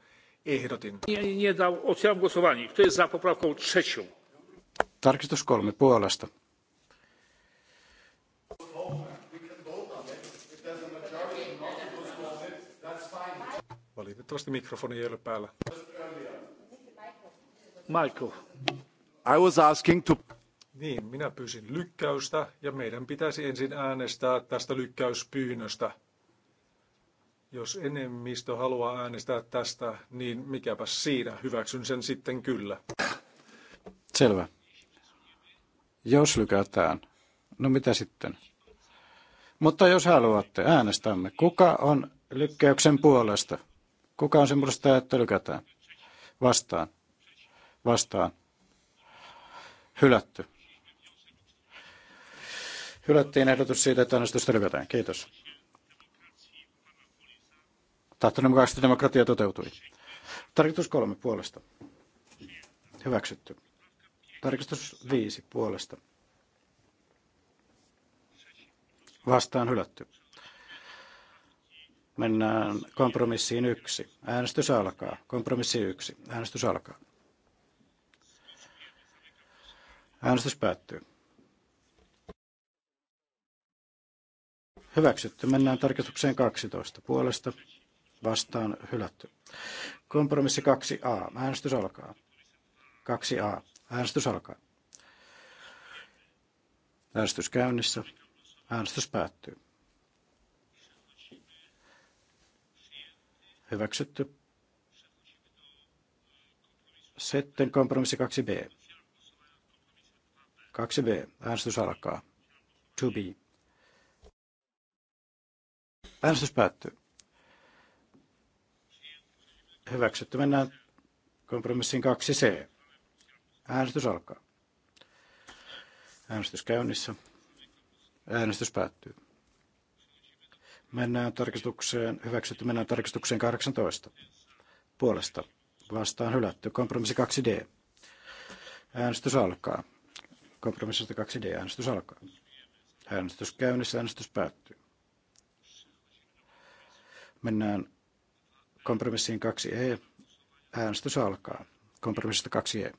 ehdotin. Nie, nie dał. głosowanie. Kto jest za poprawką trzecią? Tarkistus kolme puolesta. Valitettavasti mikrofoni ei ole päällä. Michael. I was asking to... Niin, minä pyysin lykkäystä ja meidän pitäisi ensin äänestää tästä lykkäyspyynnöstä. Jos enemmistö haluaa äänestää tästä, niin mikäpä siinä, hyväksyn sen sitten kyllä. Selvä. Jos lykätään, no mitä sitten? Mutta jos haluatte, äänestämme. Kuka on lykkäyksen puolesta? Kuka on semmoista, että lykätään? Vastaan. Vastaan. Hylätty. Hylättiin ehdotus siitä, että äänestystä lykätään. Kiitos. Tahtoinen mukaisesti demokratia toteutui. Tarkistus kolme puolesta. Hyväksytty. Tarkistus viisi puolesta. Vastaan hylätty. Mennään kompromissiin yksi. Äänestys alkaa. Kompromissi yksi. Äänestys alkaa. Äänestys päättyy. Hyväksytty. Mennään tarkistukseen 12. Puolesta vastaan hylätty. Kompromissi 2a. Äänestys alkaa. 2a. Äänestys alkaa. Äänestys käynnissä. Äänestys päättyy. Hyväksytty. Sitten kompromissi 2b. 2b. Äänestys alkaa. To be. Äänestys päättyy. Hyväksytty. Mennään kompromissiin 2c. Äänestys alkaa. Äänestys käynnissä. Äänestys päättyy. Mennään tarkistukseen, hyväksytty, mennään tarkistukseen 18. Puolesta vastaan hylätty. Kompromissi 2D. Äänestys alkaa. Kompromissista 2D. Äänestys alkaa. Äänestys käynnissä. Äänestys päättyy. Mennään kompromissiin 2E. Äänestys alkaa. Kompromissista 2E.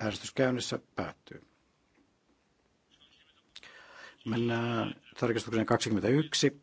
Äänestys käynnissä päättyy. Mennään tarkistukseen 21.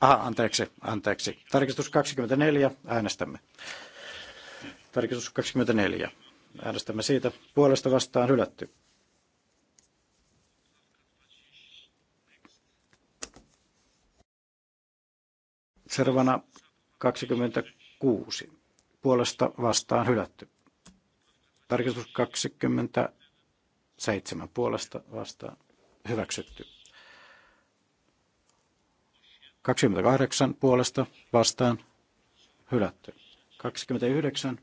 Aha, anteeksi, anteeksi. Tarkistus 24, äänestämme. Tarkistus 24. Äänestämme siitä. Puolesta vastaan hylätty. Seuraavana 26. Puolesta vastaan hylätty. Tarkistus 27. Puolesta vastaan hyväksytty. 28 puolesta vastaan hylätty. 29.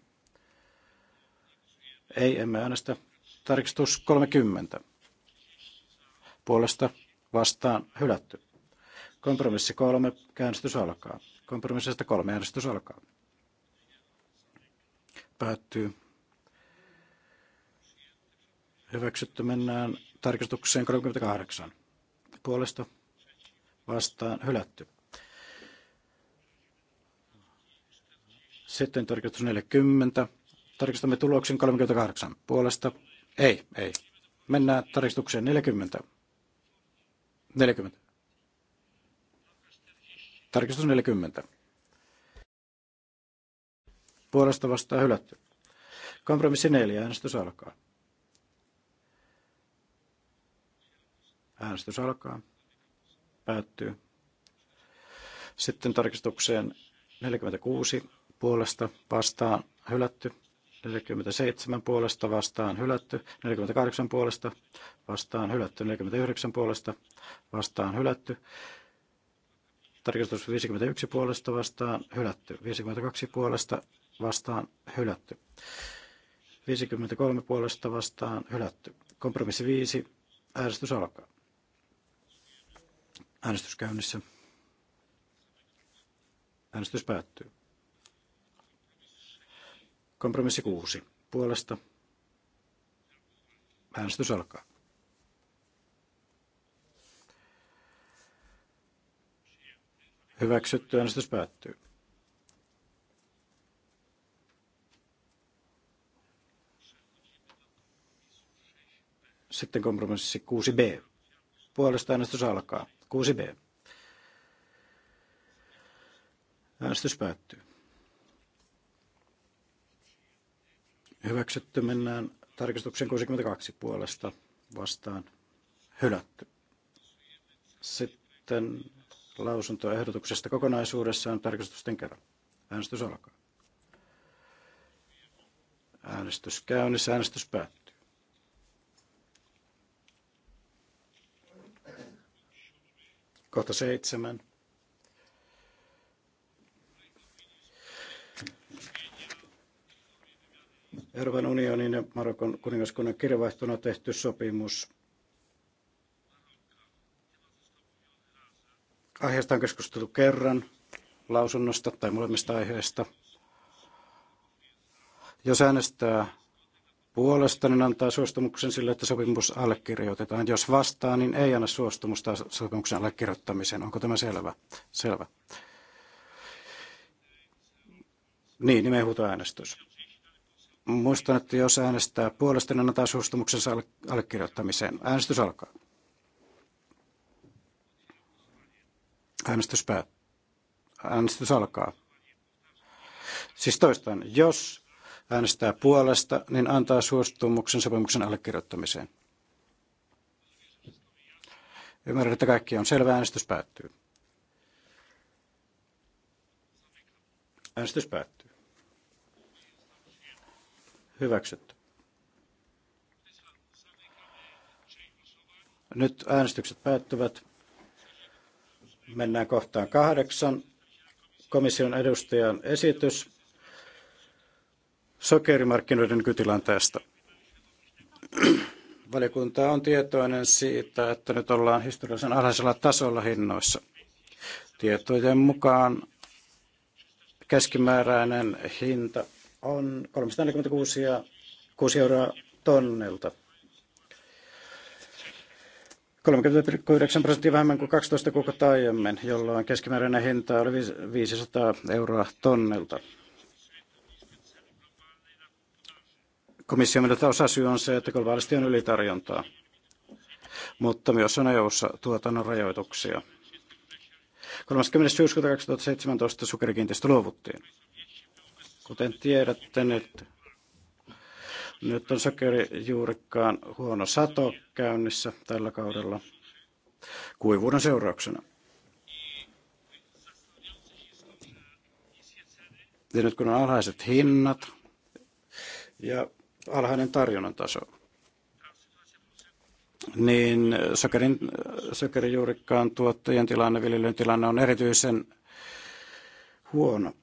Ei, emme äänestä. Tarkistus 30. Puolesta vastaan hylätty. Kompromissi 3. Äänestys alkaa. Kompromissista 3. Äänestys alkaa. Päättyy. Hyväksytty mennään tarkistukseen 38. Puolesta vastaan hylätty. Sitten tarkistus 40. Tarkistamme tuloksen 38 puolesta. Ei, ei. Mennään tarkistukseen 40. 40. Tarkistus 40. Puolesta vastaan hylätty. Kompromissi 4. Äänestys alkaa. Äänestys alkaa. Päättyy. Sitten tarkistukseen 46 puolesta vastaan hylätty, 47 puolesta vastaan hylätty, 48 puolesta vastaan hylätty, 49 puolesta vastaan hylätty, tarkistus 51 puolesta vastaan hylätty, 52 puolesta vastaan hylätty, 53 puolesta vastaan hylätty. Kompromissi 5, äänestys alkaa. Äänestys käynnissä. Äänestys päättyy. Kompromissi 6 puolesta. Äänestys alkaa. Hyväksytty äänestys päättyy. Sitten kompromissi 6b. Puolesta äänestys alkaa. 6b. Äänestys päättyy. Hyväksytty mennään tarkistuksen 62 puolesta vastaan hylätty. Sitten lausuntoehdotuksesta kokonaisuudessaan tarkistusten kerran. Äänestys alkaa. Äänestys käynnissä, äänestys päättyy. Kohta seitsemän. Euroopan unionin ja Marokon kuningaskunnan kirjavaihtona tehty sopimus. Aiheesta on keskusteltu kerran lausunnosta tai molemmista aiheista. Jos äänestää puolesta, niin antaa suostumuksen sille, että sopimus allekirjoitetaan. Jos vastaa, niin ei anna suostumusta sopimuksen allekirjoittamiseen. Onko tämä selvä? Selvä. Niin, nimenhuutoäänestys. Muistan, että jos äänestää puolesta, niin antaa suostumuksensa allekirjoittamiseen. Äänestys alkaa. Äänestys päättyy. Äänestys alkaa. Siis toistan, jos äänestää puolesta, niin antaa suostumuksen sopimuksen allekirjoittamiseen. Ymmärrän, että kaikki on selvä. Äänestys päättyy. Äänestys päättyy. Hyväksytty. Nyt äänestykset päättyvät. Mennään kohtaan kahdeksan. Komission edustajan esitys sokerimarkkinoiden kytilanteesta. Valiokunta on tietoinen siitä, että nyt ollaan historiallisen alhaisella tasolla hinnoissa. Tietojen mukaan keskimääräinen hinta on 346 euroa tonnelta. 39 prosenttia vähemmän kuin 12 kuukautta aiemmin, jolloin keskimääräinen hinta oli 500 euroa tonnelta. Komission mielestä osasyy on se, että globaalisti on ylitarjontaa, mutta myös on EU-ssa tuotannon rajoituksia. 30. syyskuuta 2017 sukerikiinteistö luovuttiin. Kuten tiedätte nyt, nyt on juurikkaan huono sato käynnissä tällä kaudella kuivuuden seurauksena. Ja nyt kun on alhaiset hinnat ja alhainen tarjonnan taso, niin sokerin, sokerijuurikkaan tuottajien tilanne, viljelyn tilanne on erityisen huono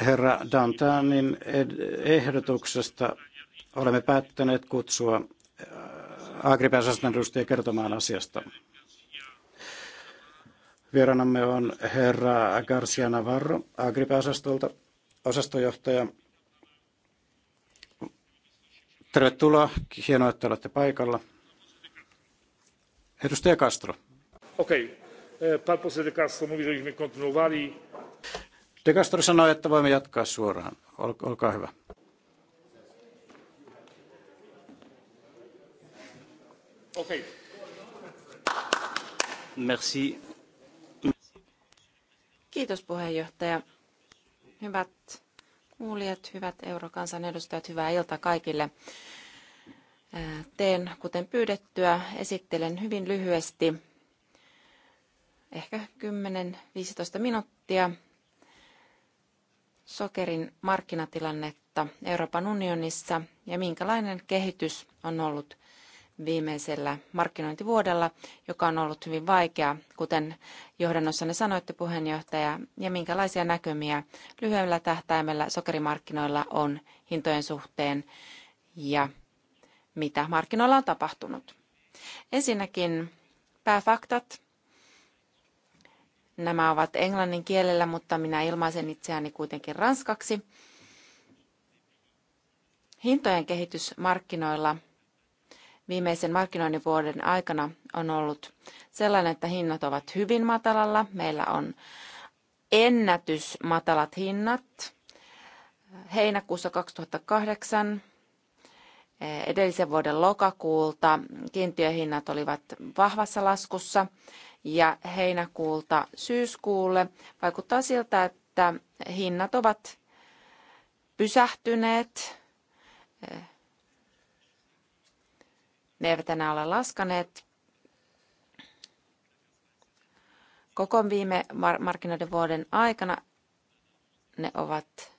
herra Dantanin ehdotuksesta olemme päättäneet kutsua äh, Agripäisaston edustajia kertomaan asiasta. Vieraanamme on herra Garcia Navarro Agripäisastolta, osastojohtaja. Tervetuloa, hienoa, että olette paikalla. Edustaja Castro. Okei, okay. pan Castro mówi, żeśmy kontynuowali De Castro sanoi, että voimme jatkaa suoraan. Ol, olkaa hyvä. Okay. Merci. Kiitos puheenjohtaja. Hyvät kuulijat, hyvät eurokansan edustajat, hyvää iltaa kaikille. Äh, teen kuten pyydettyä, esittelen hyvin lyhyesti, ehkä 10-15 minuuttia sokerin markkinatilannetta Euroopan unionissa ja minkälainen kehitys on ollut viimeisellä markkinointivuodella, joka on ollut hyvin vaikea, kuten johdannossanne sanoitte puheenjohtaja, ja minkälaisia näkymiä lyhyellä tähtäimellä sokerimarkkinoilla on hintojen suhteen ja mitä markkinoilla on tapahtunut. Ensinnäkin pääfaktat Nämä ovat englannin kielellä, mutta minä ilmaisen itseäni kuitenkin ranskaksi. Hintojen kehitys markkinoilla viimeisen markkinoinnin vuoden aikana on ollut sellainen, että hinnat ovat hyvin matalalla. Meillä on ennätysmatalat hinnat. Heinäkuussa 2008 eh, edellisen vuoden lokakuulta kiintiöhinnat olivat vahvassa laskussa ja heinäkuulta syyskuulle. Vaikuttaa siltä, että hinnat ovat pysähtyneet. Ne eivät enää ole laskaneet. Koko viime markkinoiden vuoden aikana ne ovat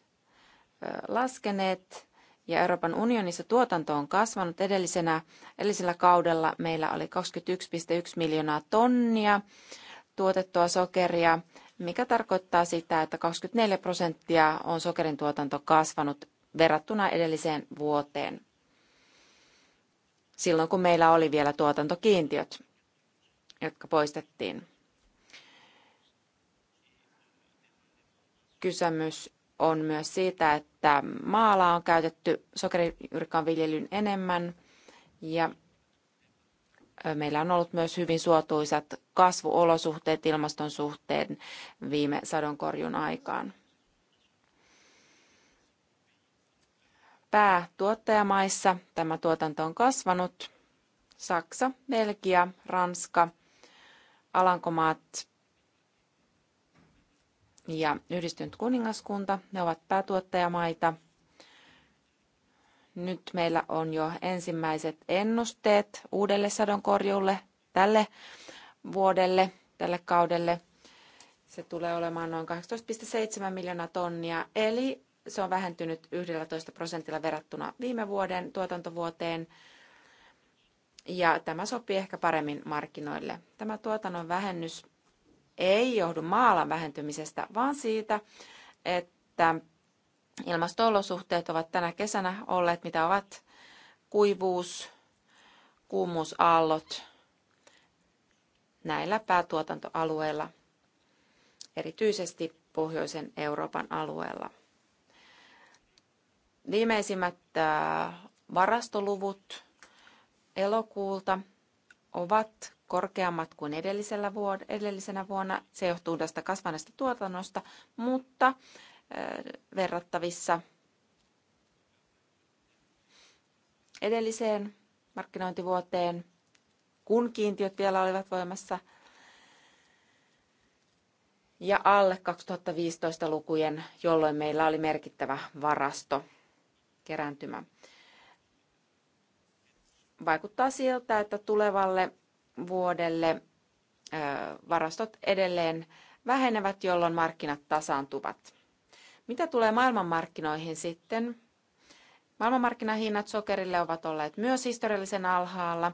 laskeneet ja Euroopan unionissa tuotanto on kasvanut. Edellisenä, edellisellä kaudella meillä oli 21,1 miljoonaa tonnia tuotettua sokeria, mikä tarkoittaa sitä, että 24 prosenttia on sokerin tuotanto kasvanut verrattuna edelliseen vuoteen, silloin kun meillä oli vielä tuotantokiintiöt, jotka poistettiin. Kysymys on myös siitä, että maala on käytetty sokeriyrkan viljelyn enemmän ja meillä on ollut myös hyvin suotuisat kasvuolosuhteet ilmaston suhteen viime sadonkorjun aikaan. Päätuottajamaissa tämä tuotanto on kasvanut. Saksa, Belgia, Ranska, Alankomaat, ja yhdistynyt kuningaskunta, ne ovat päätuottajamaita. Nyt meillä on jo ensimmäiset ennusteet uudelle sadonkorjuulle tälle vuodelle, tälle kaudelle. Se tulee olemaan noin 18,7 miljoonaa tonnia, eli se on vähentynyt 11 prosentilla verrattuna viime vuoden tuotantovuoteen. Ja tämä sopii ehkä paremmin markkinoille. Tämä tuotannon vähennys ei johdu maalan vähentymisestä, vaan siitä, että ilmastoolosuhteet ovat tänä kesänä olleet, mitä ovat kuivuus, kuumuusaallot näillä päätuotantoalueilla, erityisesti pohjoisen Euroopan alueella. Viimeisimmät äh, varastoluvut elokuulta ovat korkeammat kuin edellisellä vuod- edellisenä vuonna. Se johtuu tästä kasvaneesta tuotannosta, mutta eh, verrattavissa edelliseen markkinointivuoteen, kun kiintiöt vielä olivat voimassa, ja alle 2015 lukujen, jolloin meillä oli merkittävä varasto kerääntymä. Vaikuttaa siltä, että tulevalle vuodelle varastot edelleen vähenevät, jolloin markkinat tasaantuvat. Mitä tulee maailmanmarkkinoihin sitten? Maailmanmarkkinahinnat sokerille ovat olleet myös historiallisen alhaalla.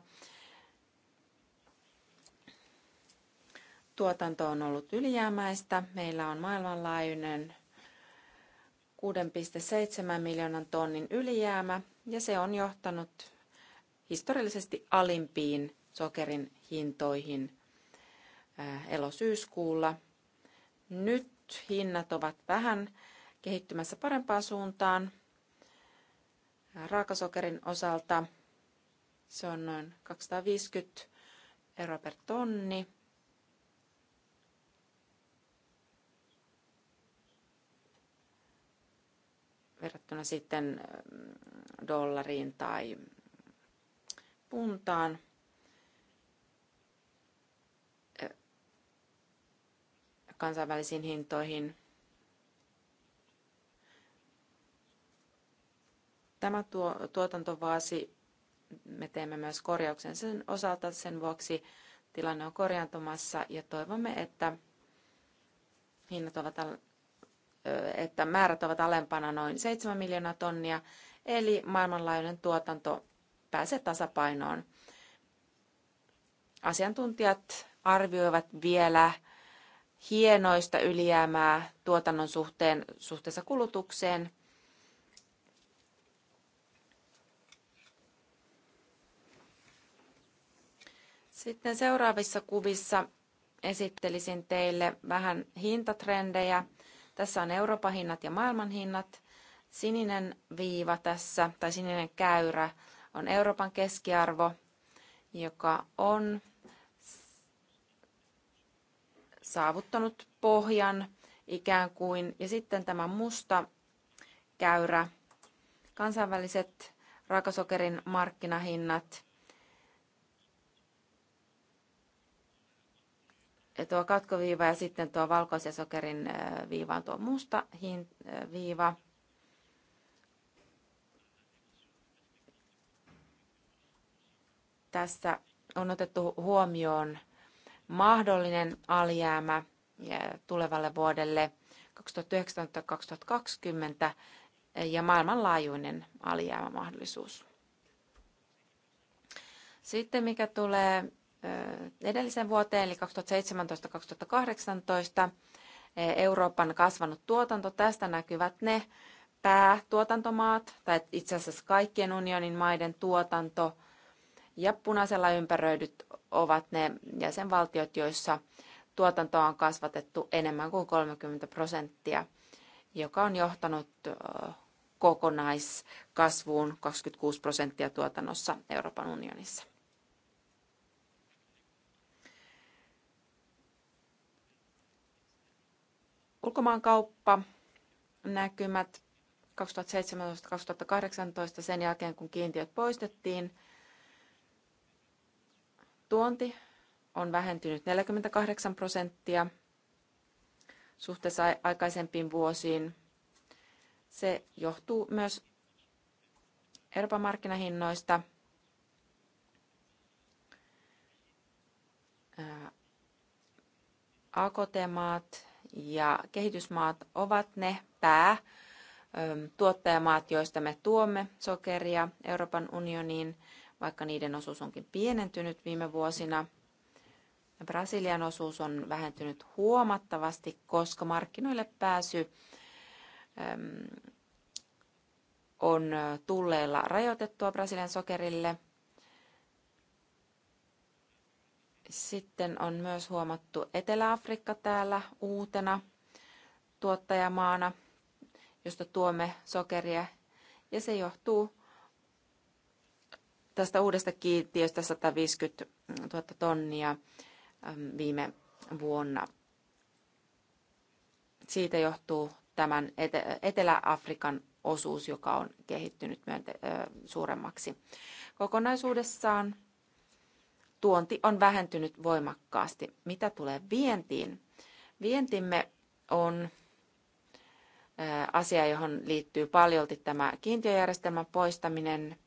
Tuotanto on ollut ylijäämäistä. Meillä on maailmanlaajuinen 6,7 miljoonan tonnin ylijäämä ja se on johtanut historiallisesti alimpiin sokerin hintoihin elosyyskuulla. Nyt hinnat ovat vähän kehittymässä parempaan suuntaan. Raakasokerin osalta se on noin 250 euroa per tonni. Verrattuna sitten dollariin tai puntaan. kansainvälisiin hintoihin. Tämä tuo, tuotantovaasi, me teemme myös korjauksen sen osalta, sen vuoksi tilanne on korjaantumassa ja toivomme, että hinnat ovat että määrät ovat alempana noin 7 miljoonaa tonnia, eli maailmanlaajuinen tuotanto pääsee tasapainoon. Asiantuntijat arvioivat vielä hienoista ylijäämää tuotannon suhteen suhteessa kulutukseen. Sitten seuraavissa kuvissa esittelisin teille vähän hintatrendejä. Tässä on Euroopan hinnat ja maailman hinnat. Sininen viiva tässä, tai sininen käyrä, on Euroopan keskiarvo, joka on saavuttanut pohjan ikään kuin. Ja sitten tämä musta käyrä, kansainväliset raakasokerin markkinahinnat. Ja tuo katkoviiva ja sitten tuo valkoisen sokerin viiva on tuo musta hin, viiva. Tässä on otettu huomioon mahdollinen alijäämä tulevalle vuodelle 2019-2020 ja maailmanlaajuinen alijäämämahdollisuus. Sitten mikä tulee edellisen vuoteen, eli 2017-2018, e, Euroopan kasvanut tuotanto, tästä näkyvät ne päätuotantomaat, tai itse asiassa kaikkien unionin maiden tuotanto ja punaisella ympäröidyt ovat ne jäsenvaltiot, joissa tuotantoa on kasvatettu enemmän kuin 30 prosenttia, joka on johtanut kokonaiskasvuun 26 prosenttia tuotannossa Euroopan unionissa. Ulkomaankauppa näkymät 2017-2018 sen jälkeen, kun kiintiöt poistettiin – Tuonti on vähentynyt 48 prosenttia suhteessa aikaisempiin vuosiin. Se johtuu myös Euroopan markkinahinnoista. AKT-maat ja kehitysmaat ovat ne pää tuottajamaat, joista me tuomme sokeria Euroopan unioniin vaikka niiden osuus onkin pienentynyt viime vuosina. Brasilian osuus on vähentynyt huomattavasti, koska markkinoille pääsy on tulleilla rajoitettua Brasilian sokerille. Sitten on myös huomattu Etelä-Afrikka täällä uutena tuottajamaana, josta tuomme sokeria. Ja se johtuu tästä uudesta kiintiöstä 150 000 tonnia viime vuonna. Siitä johtuu tämän Etelä-Afrikan osuus, joka on kehittynyt myönte- suuremmaksi. Kokonaisuudessaan tuonti on vähentynyt voimakkaasti. Mitä tulee vientiin? Vientimme on asia, johon liittyy paljolti tämä kiintiöjärjestelmän poistaminen –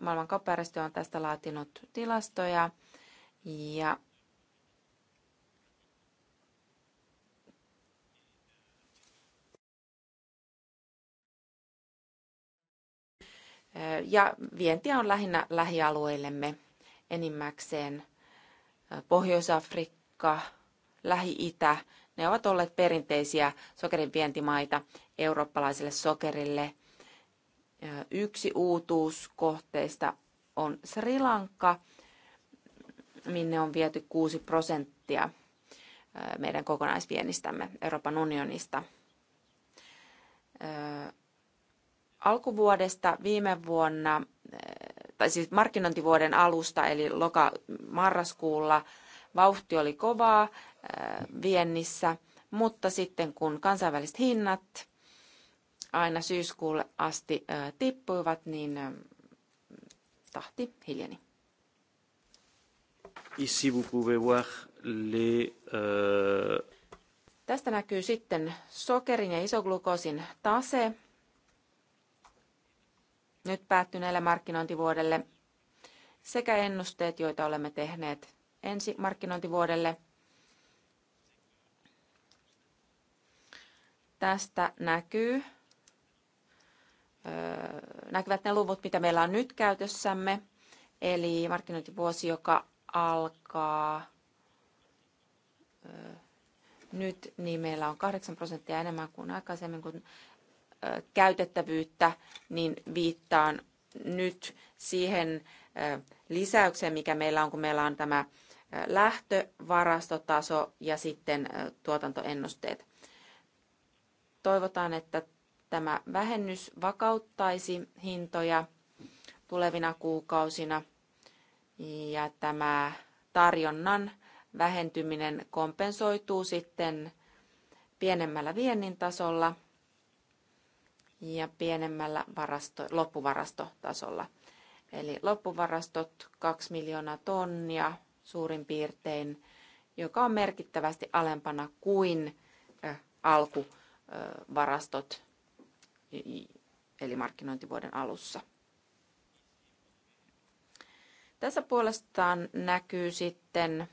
Maailman kauppajärjestö on tästä laatinut tilastoja ja Ja vientiä on lähinnä lähialueillemme enimmäkseen Pohjois-Afrikka, Lähi-Itä. Ne ovat olleet perinteisiä sokerin vientimaita eurooppalaiselle sokerille. Yksi uutuus kohteista on Sri Lanka, minne on viety 6 prosenttia meidän kokonaisviennistämme Euroopan unionista. Alkuvuodesta viime vuonna, tai siis markkinointivuoden alusta, eli loka-marraskuulla, vauhti oli kovaa viennissä, mutta sitten kun kansainväliset hinnat aina syyskuulle asti tippuivat, niin tahti hiljeni. Ici vous pouvez voir les, euh... Tästä näkyy sitten sokerin ja isoglukoosin tase nyt päättyneelle markkinointivuodelle sekä ennusteet, joita olemme tehneet ensi markkinointivuodelle. Tästä näkyy näkyvät ne luvut, mitä meillä on nyt käytössämme, eli markkinointivuosi, joka alkaa nyt, niin meillä on 8 prosenttia enemmän kuin aikaisemmin, kun käytettävyyttä, niin viittaan nyt siihen lisäykseen, mikä meillä on, kun meillä on tämä lähtövarastotaso ja sitten tuotantoennusteet. Toivotaan, että Tämä vähennys vakauttaisi hintoja tulevina kuukausina ja tämä tarjonnan vähentyminen kompensoituu sitten pienemmällä viennin tasolla ja pienemmällä varasto, loppuvarastotasolla. Eli loppuvarastot 2 miljoonaa tonnia suurin piirtein, joka on merkittävästi alempana kuin alkuvarastot eli markkinointivuoden alussa. Tässä puolestaan näkyy sitten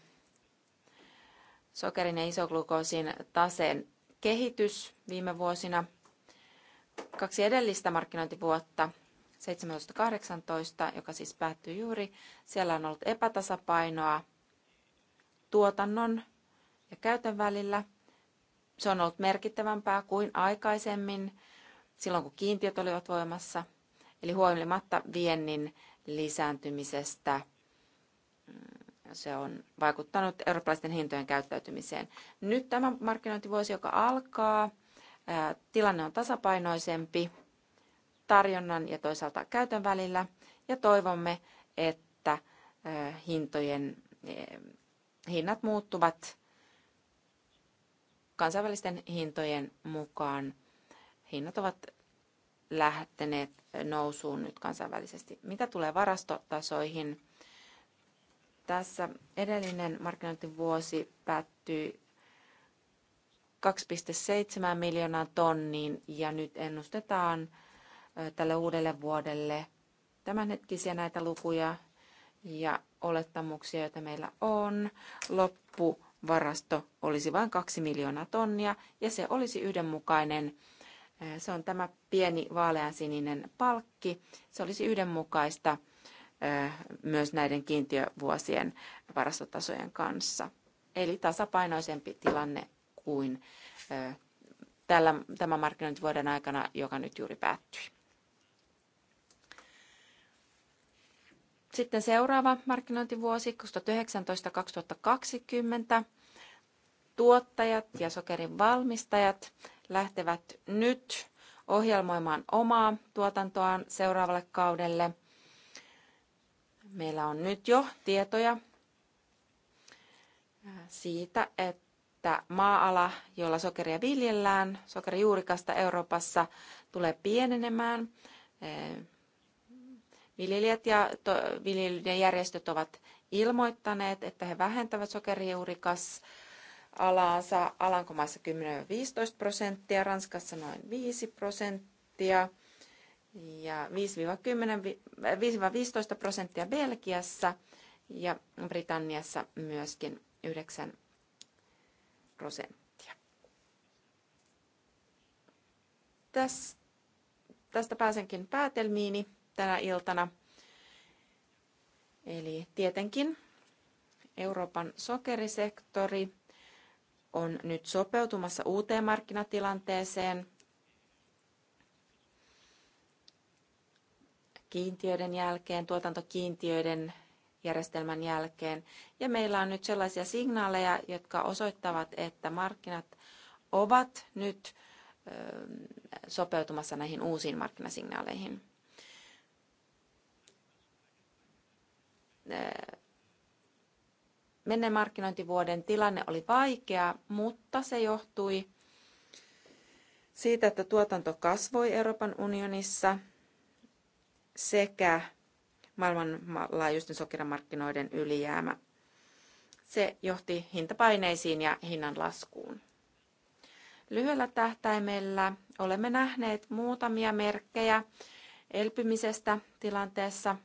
sokerin ja isoglukoosin taseen kehitys viime vuosina. Kaksi edellistä markkinointivuotta, 17-18, joka siis päättyy juuri, siellä on ollut epätasapainoa tuotannon ja käytön välillä. Se on ollut merkittävämpää kuin aikaisemmin silloin, kun kiintiöt olivat voimassa, eli huolimatta viennin lisääntymisestä mm, se on vaikuttanut eurooppalaisten hintojen käyttäytymiseen. Nyt tämä markkinointivuosi, joka alkaa, tilanne on tasapainoisempi tarjonnan ja toisaalta käytön välillä ja toivomme, että hintojen hinnat muuttuvat kansainvälisten hintojen mukaan hinnat ovat lähteneet nousuun nyt kansainvälisesti. Mitä tulee varastotasoihin? Tässä edellinen markkinointivuosi päättyi 2,7 miljoonaa tonniin ja nyt ennustetaan tälle uudelle vuodelle tämänhetkisiä näitä lukuja ja olettamuksia, joita meillä on. Loppuvarasto olisi vain 2 miljoonaa tonnia ja se olisi yhdenmukainen se on tämä pieni vaaleansininen palkki. Se olisi yhdenmukaista myös näiden kiintiövuosien varastotasojen kanssa. Eli tasapainoisempi tilanne kuin tällä, tämän markkinointivuoden aikana, joka nyt juuri päättyi. Sitten seuraava markkinointivuosi 2019-2020 tuottajat ja sokerin valmistajat lähtevät nyt ohjelmoimaan omaa tuotantoaan seuraavalle kaudelle. Meillä on nyt jo tietoja siitä, että maa-ala, jolla sokeria viljellään, sokerijuurikasta Euroopassa, tulee pienenemään. Viljelijät ja to, viljelyjärjestöt ovat ilmoittaneet, että he vähentävät sokerijuurikas alaansa, Alankomaissa 10-15 prosenttia, Ranskassa noin 5 prosenttia ja 5-15 prosenttia Belgiassa ja Britanniassa myöskin 9 prosenttia. Tästä pääsenkin päätelmiini tänä iltana. Eli tietenkin Euroopan sokerisektori on nyt sopeutumassa uuteen markkinatilanteeseen. Kiintiöiden jälkeen, tuotantokiintiöiden järjestelmän jälkeen. Ja meillä on nyt sellaisia signaaleja, jotka osoittavat, että markkinat ovat nyt sopeutumassa näihin uusiin markkinasignaaleihin Menneen markkinointivuoden tilanne oli vaikea, mutta se johtui siitä, että tuotanto kasvoi Euroopan unionissa sekä maailmanlaajuisten sokerimarkkinoiden ylijäämä. Se johti hintapaineisiin ja hinnan laskuun. Lyhyellä tähtäimellä olemme nähneet muutamia merkkejä elpymisestä tilanteessa.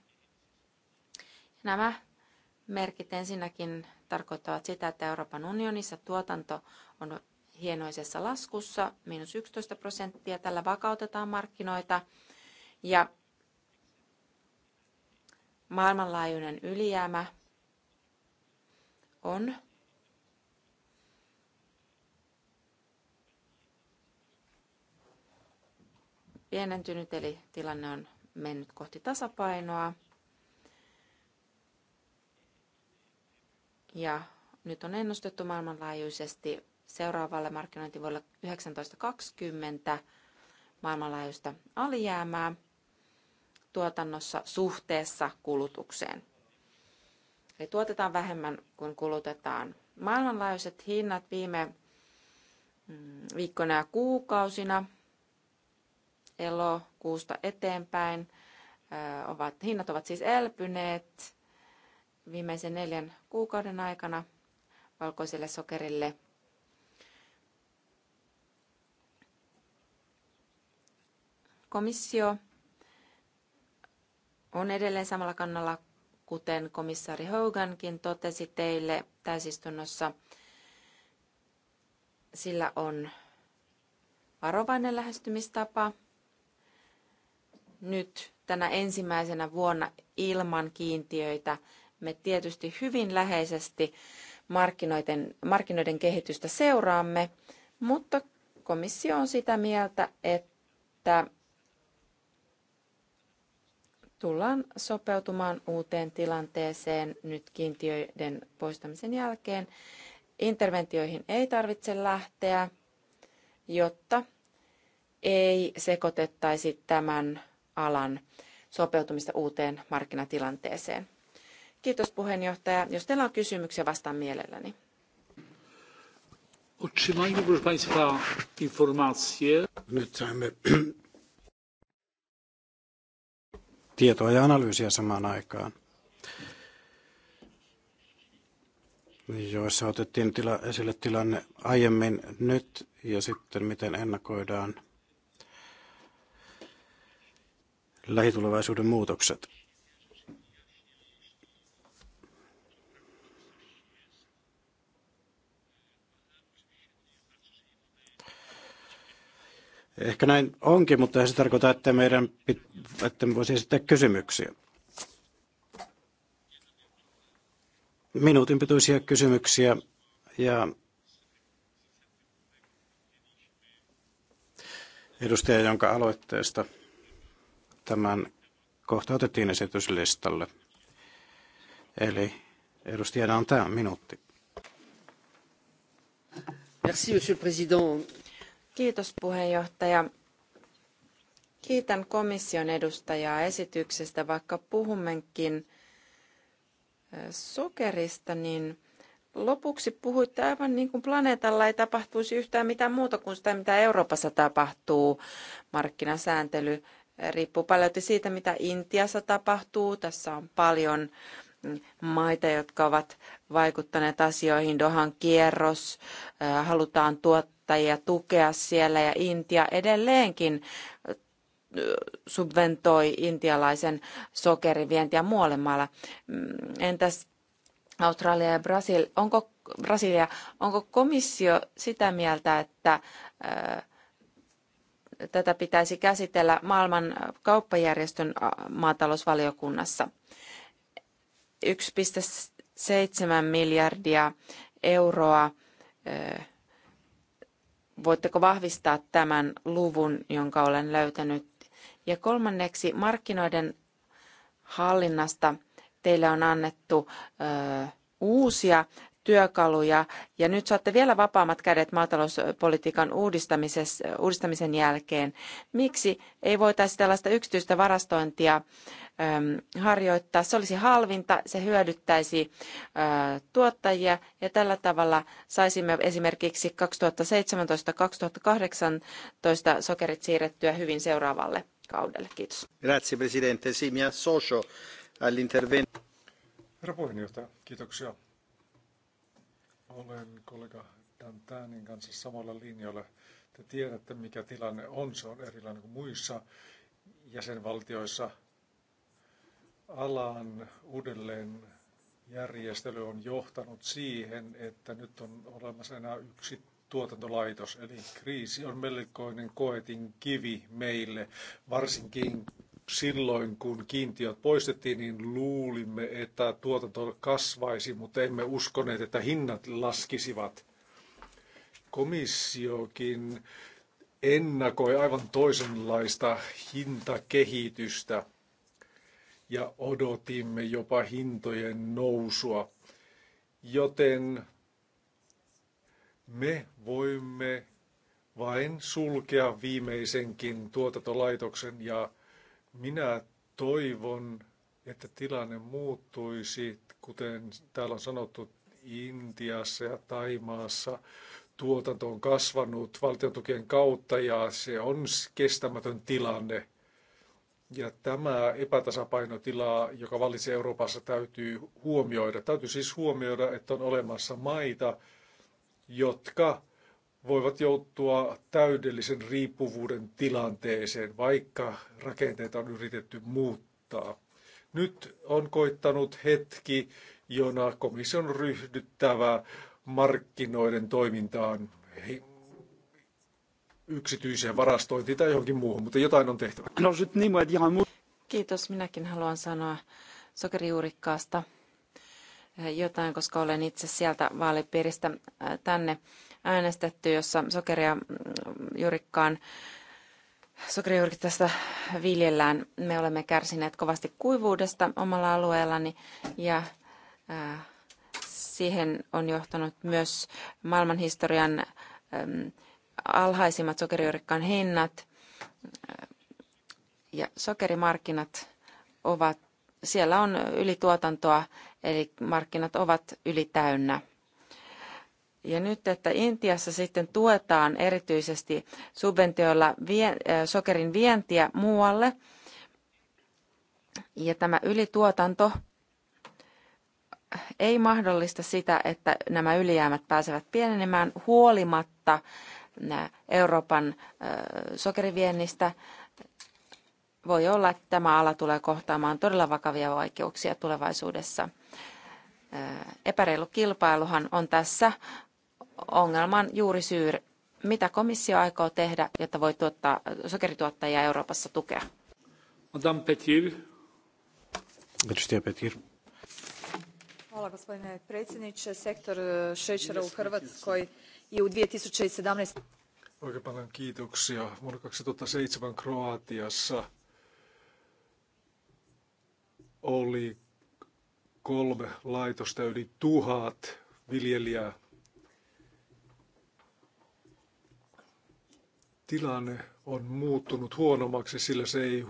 Nämä merkit ensinnäkin tarkoittavat sitä, että Euroopan unionissa tuotanto on hienoisessa laskussa, miinus 11 prosenttia. Tällä vakautetaan markkinoita ja maailmanlaajuinen ylijäämä on pienentynyt, eli tilanne on mennyt kohti tasapainoa. Ja nyt on ennustettu maailmanlaajuisesti seuraavalle markkinointivuodelle 1920 maailmanlaajuista alijäämää tuotannossa suhteessa kulutukseen. Eli tuotetaan vähemmän kuin kulutetaan. Maailmanlaajuiset hinnat viime mm, viikkoina ja kuukausina elokuusta eteenpäin ovat, hinnat ovat siis elpyneet viimeisen neljän kuukauden aikana valkoiselle sokerille. Komissio on edelleen samalla kannalla, kuten komissaari Hogankin totesi teille täysistunnossa. Sillä on varovainen lähestymistapa. Nyt tänä ensimmäisenä vuonna ilman kiintiöitä me tietysti hyvin läheisesti markkinoiden, markkinoiden kehitystä seuraamme, mutta komissio on sitä mieltä, että tullaan sopeutumaan uuteen tilanteeseen nyt kiintiöiden poistamisen jälkeen. Interventioihin ei tarvitse lähteä, jotta ei sekoitettaisi tämän alan sopeutumista uuteen markkinatilanteeseen. Kiitos puheenjohtaja. Jos teillä on kysymyksiä, vastaan mielelläni. Otrzymajmy, proszę Państwa, informacje. Nyt saimme tietoa ja analyysiä samaan aikaan, joissa otettiin tila, esille tilanne aiemmin nyt ja sitten miten ennakoidaan lähitulevaisuuden muutokset. Ehkä näin onkin, mutta se tarkoittaa, että meidän pit- että me voisi esittää kysymyksiä. Minuutin pituisia kysymyksiä ja edustaja, jonka aloitteesta tämän kohta otettiin esityslistalle. Eli edustajana on tämä minuutti. Merci, monsieur le président. Kiitos puheenjohtaja. Kiitän komission edustajaa esityksestä, vaikka puhummekin sokerista, niin lopuksi puhuitte aivan niin kuin planeetalla ei tapahtuisi yhtään mitään muuta kuin sitä, mitä Euroopassa tapahtuu. Markkinasääntely riippuu paljon siitä, mitä Intiassa tapahtuu. Tässä on paljon maita, jotka ovat vaikuttaneet asioihin. Dohan kierros, halutaan tuottajia tukea siellä ja Intia edelleenkin subventoi intialaisen sokerivientiä muualle maalle. Mm, entäs Australia ja Brasil, onko, Brasilia, onko komissio sitä mieltä, että tätä pitäisi käsitellä maailman kauppajärjestön maatalousvaliokunnassa? 1,7 miljardia euroa. Voitteko vahvistaa tämän luvun, jonka olen löytänyt? Ja kolmanneksi markkinoiden hallinnasta teille on annettu uusia työkaluja. Ja nyt saatte vielä vapaammat kädet maatalouspolitiikan uudistamisen jälkeen. Miksi ei voitaisi tällaista yksityistä varastointia harjoittaa? Se olisi halvinta, se hyödyttäisi tuottajia ja tällä tavalla saisimme esimerkiksi 2017-2018 sokerit siirrettyä hyvin seuraavalle kaudelle. Kiitos. Grazie, Presidente. Sì, mi associo all'intervento. Herra puheenjohtaja, kiitoksia. Olen kollega Dantanin kanssa samalla linjalla. Te tiedätte, mikä tilanne on. Se on erilainen kuin muissa jäsenvaltioissa. Alan uudelleen järjestely on johtanut siihen, että nyt on olemassa enää yksi tuotantolaitos, eli kriisi on melkoinen koetin kivi meille, varsinkin silloin, kun kiintiöt poistettiin, niin luulimme, että tuotanto kasvaisi, mutta emme uskoneet, että hinnat laskisivat. Komissiokin ennakoi aivan toisenlaista hintakehitystä ja odotimme jopa hintojen nousua. Joten me voimme vain sulkea viimeisenkin tuotantolaitoksen ja minä toivon, että tilanne muuttuisi, kuten täällä on sanottu, Intiassa ja Taimaassa tuotanto on kasvanut valtiotukien kautta ja se on kestämätön tilanne. Ja tämä epätasapainotila, joka vallitsee Euroopassa, täytyy huomioida. Täytyy siis huomioida, että on olemassa maita, jotka voivat joutua täydellisen riippuvuuden tilanteeseen, vaikka rakenteita on yritetty muuttaa. Nyt on koittanut hetki, jona komission ryhdyttävä markkinoiden toimintaan yksityiseen varastointiin tai johonkin muuhun, mutta jotain on tehtävä. Kiitos, minäkin haluan sanoa sokerijuurikkaasta eh, jotain, koska olen itse sieltä vaalipiiristä eh, tänne äänestetty, jossa sokeria mm, juurikkaan sokerijuurikasta viljellään. Me olemme kärsineet kovasti kuivuudesta omalla alueellani ja äh, siihen on johtanut myös maailmanhistorian alhaisimmat sokerijuurikkaan hinnat äh, ja sokerimarkkinat ovat, siellä on ylituotantoa, eli markkinat ovat ylitäynnä. Ja nyt, että Intiassa sitten tuetaan erityisesti subventioilla vien, sokerin vientiä muualle, ja tämä ylituotanto ei mahdollista sitä, että nämä ylijäämät pääsevät pienenemään huolimatta Euroopan sokeriviennistä. Voi olla, että tämä ala tulee kohtaamaan todella vakavia vaikeuksia tulevaisuudessa. Epäreilu kilpailuhan on tässä ongelman juuri syy. Mitä komissio aikoo tehdä, jotta voi tuottaa sokerituottajia Euroopassa tukea? Madame Petir. Edustaja Petir. Hvala gospodine predsjedniče. Sektor e, šećera u Hrvatskoj je u 2017. Oikein paljon kiitoksia. Vuonna 2007 Kroatiassa oli kolme laitosta yli tuhat viljelijää tilanne on muuttunut huonommaksi, sillä se ei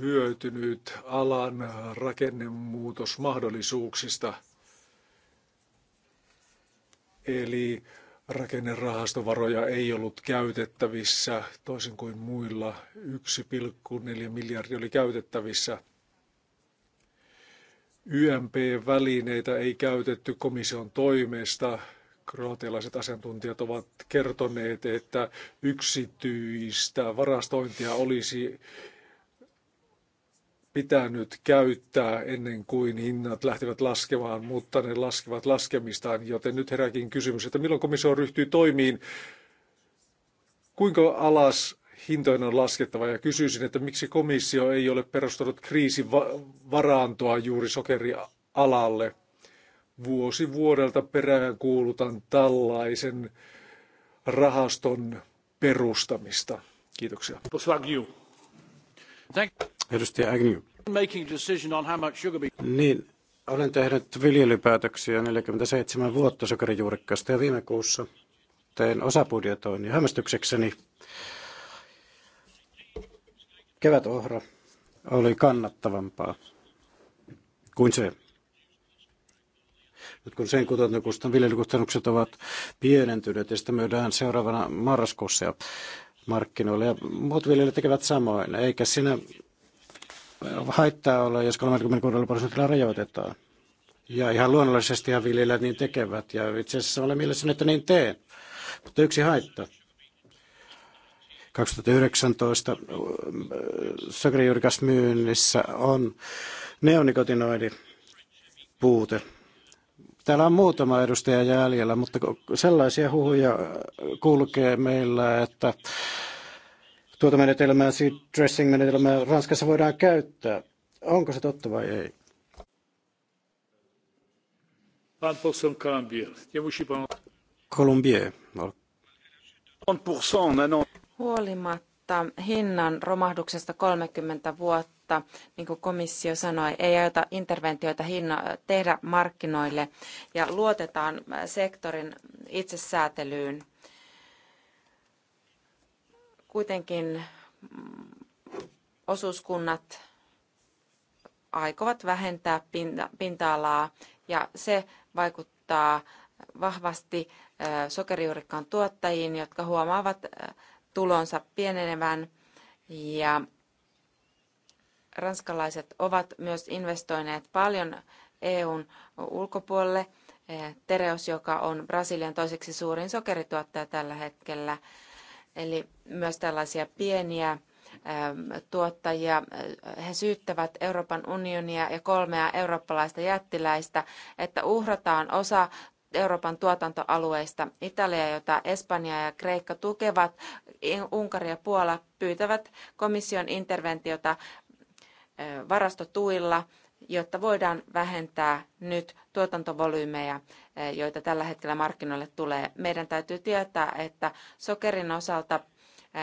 hyötynyt alan rakennemuutosmahdollisuuksista. Eli rakennerahastovaroja ei ollut käytettävissä, toisin kuin muilla 1,4 miljardia oli käytettävissä. YMP-välineitä ei käytetty komission toimesta kroatialaiset asiantuntijat ovat kertoneet, että yksityistä varastointia olisi pitänyt käyttää ennen kuin hinnat lähtivät laskemaan, mutta ne laskevat laskemistaan, joten nyt herääkin kysymys, että milloin komissio ryhtyy toimiin, kuinka alas hintojen on laskettava ja kysyisin, että miksi komissio ei ole perustanut kriisivarantoa juuri sokerialalle vuosi vuodelta perään kuulutan tällaisen rahaston perustamista. Kiitoksia. Edustaja Agnew. Niin, olen tehnyt viljelypäätöksiä 47 vuotta sokerijuurikkaasta ja viime kuussa tein osapudjetoin ja hämmästyksekseni kevätohra oli kannattavampaa kuin se, kun sen kuten viljelykustannukset ovat pienentyneet ja sitä myydään seuraavana marraskuussa ja markkinoille. Ja muut viljelijät tekevät samoin, eikä siinä haittaa ole, jos 36 prosentilla rajoitetaan. Ja ihan luonnollisesti ja viljelijät niin tekevät. Ja itse asiassa olen mielessäni, että niin teen. Mutta yksi haitta. 2019 sokerijyrkäs myynnissä on neonikotinoidi puute Täällä on muutama edustaja jäljellä, mutta sellaisia huhuja äh, kulkee meillä, että tuota menetelmää, dressing-menetelmää Ranskassa voidaan käyttää. Onko se totta vai ei? Pan Colombier. Huolimatta hinnan romahduksesta 30 vuotta mutta niin kuin komissio sanoi, ei aiota interventioita hinna- tehdä markkinoille ja luotetaan äh, sektorin itsesäätelyyn. Kuitenkin mm, osuuskunnat aikovat vähentää pinta- pinta-alaa ja se vaikuttaa vahvasti äh, sokerijuurikkaan tuottajiin, jotka huomaavat äh, tulonsa pienenevän ja ranskalaiset ovat myös investoineet paljon EUn ulkopuolelle. Eh, Tereos, joka on Brasilian toiseksi suurin sokerituottaja tällä hetkellä. Eli myös tällaisia pieniä ehm, tuottajia. Eh, he syyttävät Euroopan unionia ja kolmea eurooppalaista jättiläistä, että uhrataan osa Euroopan tuotantoalueista. Italia, jota Espanja ja Kreikka tukevat, Unkari ja Puola pyytävät komission interventiota varastotuilla, jotta voidaan vähentää nyt tuotantovolyymeja, joita tällä hetkellä markkinoille tulee. Meidän täytyy tietää, että sokerin osalta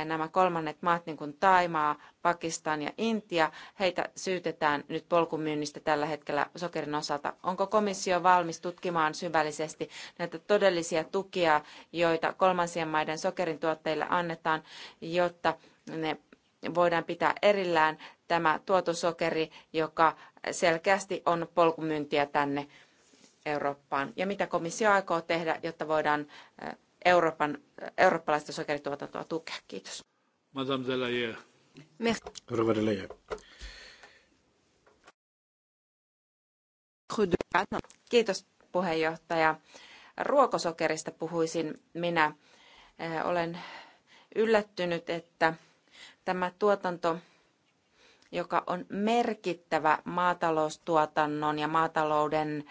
nämä kolmannet maat, niin kuin Taimaa, Pakistan ja Intia, heitä syytetään nyt polkumyynnistä tällä hetkellä sokerin osalta. Onko komissio valmis tutkimaan syvällisesti näitä todellisia tukia, joita kolmansien maiden sokerin tuotteille annetaan, jotta ne voidaan pitää erillään tämä tuotosokeri, joka selkeästi on polkumyyntiä tänne Eurooppaan. Ja mitä komissio aikoo tehdä, jotta voidaan Euroopan, eurooppalaista sokerituotantoa tukea? Kiitos. Madame Delayer. Merci. Kiitos puheenjohtaja. Ruokosokerista puhuisin minä. Olen yllättynyt, että tämä tuotanto joka on merkittävä maataloustuotannon ja maatalouden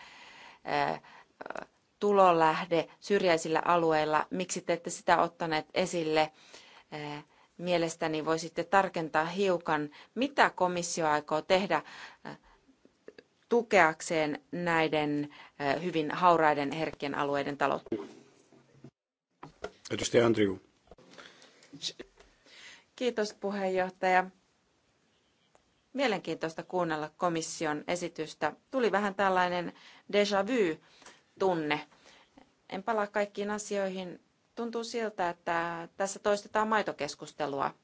tulolähde syrjäisillä alueilla. Miksi te ette sitä ottaneet esille? Mielestäni voisitte tarkentaa hiukan, mitä komissio aikoo tehdä tukeakseen näiden hyvin hauraiden herkkien alueiden taloutta. Edustaja Andriu. Kiitos puheenjohtaja mielenkiintoista kuunnella komission esitystä. Tuli vähän tällainen déjà vu-tunne. En palaa kaikkiin asioihin. Tuntuu siltä, että tässä toistetaan maitokeskustelua.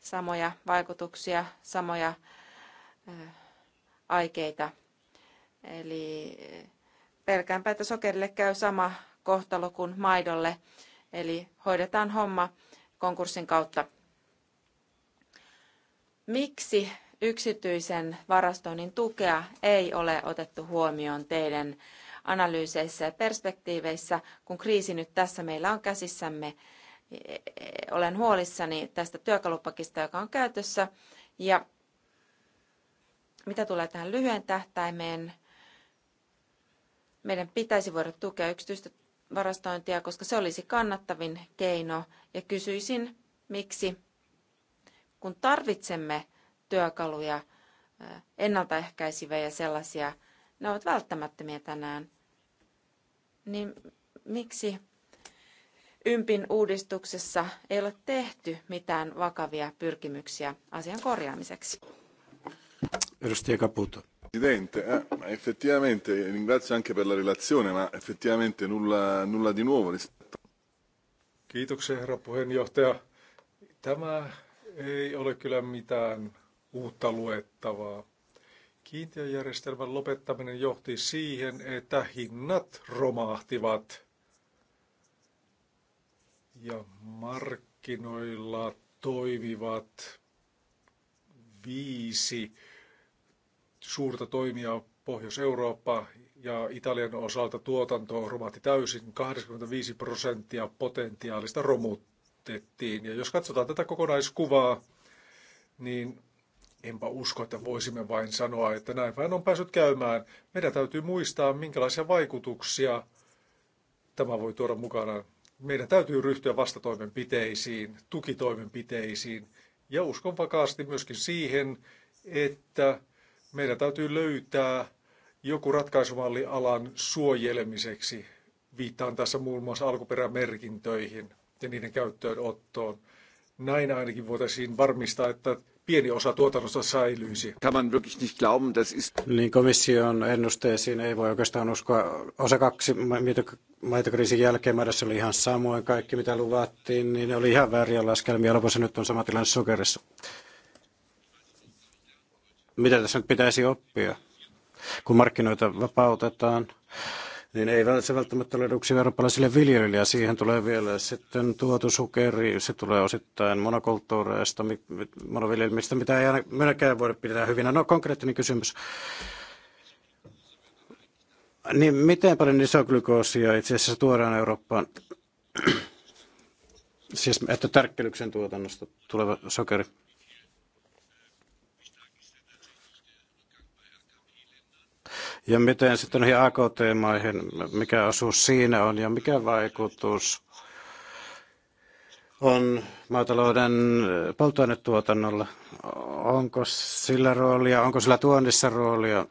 Samoja vaikutuksia, samoja äh, aikeita. Eli pelkäänpä, että sokerille käy sama kohtalo kuin maidolle. Eli hoidetaan homma konkurssin kautta. Miksi yksityisen varastoinnin tukea ei ole otettu huomioon teidän analyyseissä ja perspektiiveissä, kun kriisi nyt tässä meillä on käsissämme. E, olen huolissani tästä työkalupakista, joka on käytössä. Ja mitä tulee tähän lyhyen tähtäimeen, meidän pitäisi voida tukea yksityistä varastointia, koska se olisi kannattavin keino. Ja kysyisin, miksi, kun tarvitsemme työkaluja, ennaltaehkäisiviä ja sellaisia, ne ovat välttämättömiä tänään. Niin miksi ympin uudistuksessa ei ole tehty mitään vakavia pyrkimyksiä asian korjaamiseksi? Edustaja Caputo. Presidente, eh, effettivamente e ringrazio anche per la relazione, ma effettivamente nulla, nulla di nuovo rispetto. Kiitoksia herra puheenjohtaja. Tämä ei ole kyllä mitään uutta luettavaa. Kiintiöjärjestelmän lopettaminen johti siihen, että hinnat romahtivat ja markkinoilla toimivat viisi suurta toimijaa Pohjois-Eurooppa ja Italian osalta tuotanto romahti täysin. 85 prosenttia potentiaalista romutettiin. Ja jos katsotaan tätä kokonaiskuvaa, niin Enpä usko, että voisimme vain sanoa, että näin vain on päässyt käymään. Meidän täytyy muistaa, minkälaisia vaikutuksia tämä voi tuoda mukana. Meidän täytyy ryhtyä vastatoimenpiteisiin, tukitoimenpiteisiin. Ja uskon vakaasti myöskin siihen, että meidän täytyy löytää joku ratkaisumalli alan suojelemiseksi. Viittaan tässä muun muassa alkuperämerkintöihin ja niiden käyttöönottoon. Näin ainakin voitaisiin varmistaa, että pieni osa tuotannosta säilyisi. Kann wirklich nicht glauben, das ist... Niin komission ennusteisiin ei voi oikeastaan uskoa. Osa kaksi maitokriisin jälkeen määrässä oli ihan samoin. Kaikki mitä luvattiin, niin ne oli ihan väärin laskelmia. Lopussa nyt on sama tilanne sokerissa. Mitä tässä nyt pitäisi oppia, kun markkinoita vapautetaan? niin ei se välttämättä ole eduksi eurooppalaisille viljelijöille. Siihen tulee vielä sitten tuotu sukeri, se tulee osittain monokulttuureista, monoviljelmistä, mitä ei aina voi voida pitää hyvinä. No konkreettinen kysymys. Niin miten paljon isoglykoosia itse asiassa tuodaan Eurooppaan? siis että tärkkelyksen tuotannosta tuleva sokeri. Ja miten sitten noihin AKT-maihin, mikä osuus siinä on ja mikä vaikutus on maatalouden äh, polttoainetuotannolla? Onko sillä roolia, onko sillä tuonnissa roolia?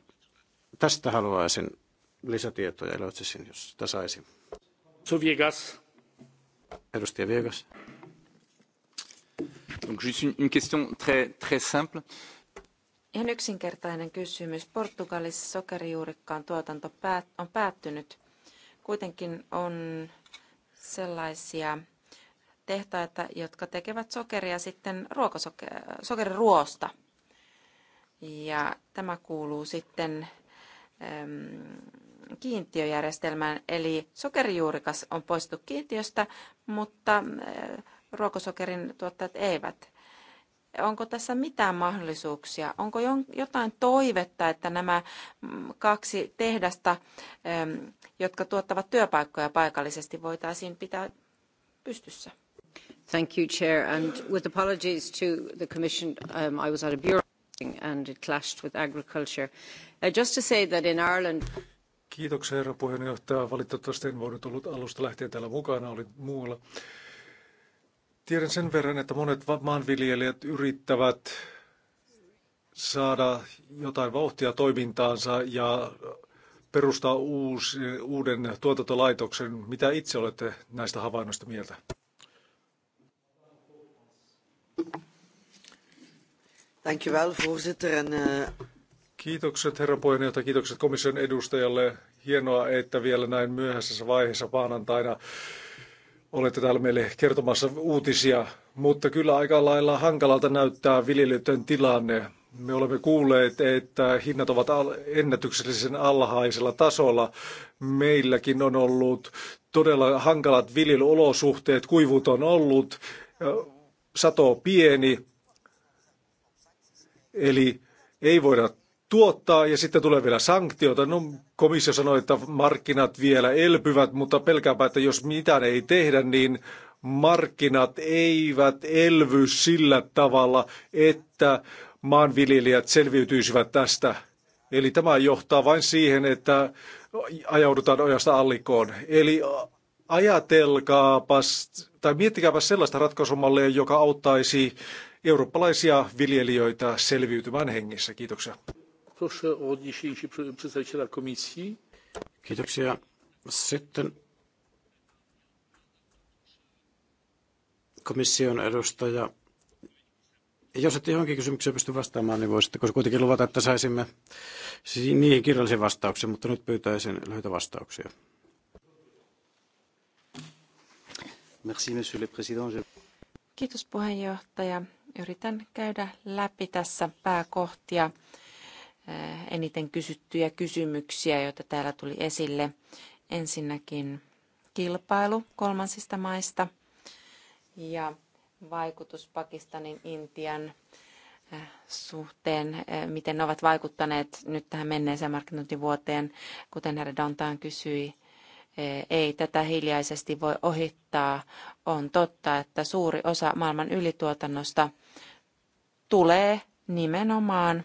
Tästä haluaisin lisätietoja iloitsisin, jos sitä saisin. So Viegas. Edustaja Viegas. Donc juste une question très, très simple. Euh, Ihan yksinkertainen kysymys. Portugalissa sokerijuurikkaan tuotanto on päättynyt. Kuitenkin on sellaisia tehtaita, jotka tekevät sokeria sitten sokeriruosta. Ja tämä kuuluu sitten ähm, kiintiöjärjestelmään, eli sokerijuurikas on poistettu kiintiöstä, mutta äh, ruokosokerin tuottajat eivät. Onko tässä mitään mahdollisuuksia? Onko jotain toivetta, että nämä mm, kaksi tehdasta, jotka tuottavat työpaikkoja paikallisesti, voitaisiin pitää pystyssä? Thank you, Chair. And with apologies to the Commission, um, I was at a bureau meeting and it clashed with agriculture. Uh, just to say that in Ireland... Kiitoksia, herra puheenjohtaja. Valitettavasti en voinut ollut alusta lähtien täällä mukana, olin muualla. Tiedän sen verran, että monet maanviljelijät yrittävät saada jotain vauhtia toimintaansa ja perustaa uusi, uuden tuotantolaitoksen. Mitä itse olette näistä havainnoista mieltä? Dankjewel, voorzitter. En, eh, Kiitokset herra puheenjohtaja, kiitokset komission edustajalle. Hienoa, että vielä näin myöhäisessä vaiheessa maanantaina olette täällä meille kertomassa uutisia, mutta kyllä aika lailla hankalalta näyttää viljelijöiden tilanne. Me olemme kuulleet, että hinnat ovat ennätyksellisen alhaisella tasolla. Meilläkin on ollut todella hankalat viljelyolosuhteet, kuivuut on ollut, sato pieni, eli ei voida tuottaa ja sitten tulee vielä sanktioita. No, komissio sanoi, että markkinat vielä elpyvät, mutta pelkääpä, että jos mitään ei tehdä, niin markkinat eivät elvy sillä tavalla, että maanviljelijät selviytyisivät tästä. Eli tämä johtaa vain siihen, että ajaudutaan ojasta allikoon. Eli ajatelkaapas tai miettikääpäs sellaista ratkaisumallia, joka auttaisi eurooppalaisia viljelijöitä selviytymään hengissä. Kiitoksia. Proszę o odniesienie się przedstawiciela komisji. Kiitoksia. Sitten komission edustaja. Jos ette johonkin kysymykseen pysty vastaamaan, niin voisitteko kuitenkin luvata, että saisimme niihin kirjallisen vastauksen, mutta nyt pyytäisin lyhyitä vastauksia. Merci, monsieur le président. Kiitos puheenjohtaja. Yritän käydä läpi tässä pääkohtia Äh, eniten kysyttyjä kysymyksiä, joita täällä tuli esille. Ensinnäkin kilpailu kolmansista maista ja vaikutus Pakistanin, Intian äh, suhteen, äh, miten ne ovat vaikuttaneet nyt tähän menneeseen markkinointivuoteen, kuten herra Dantaan kysyi. Ei tätä hiljaisesti voi ohittaa. On totta, että suuri osa maailman ylituotannosta tulee nimenomaan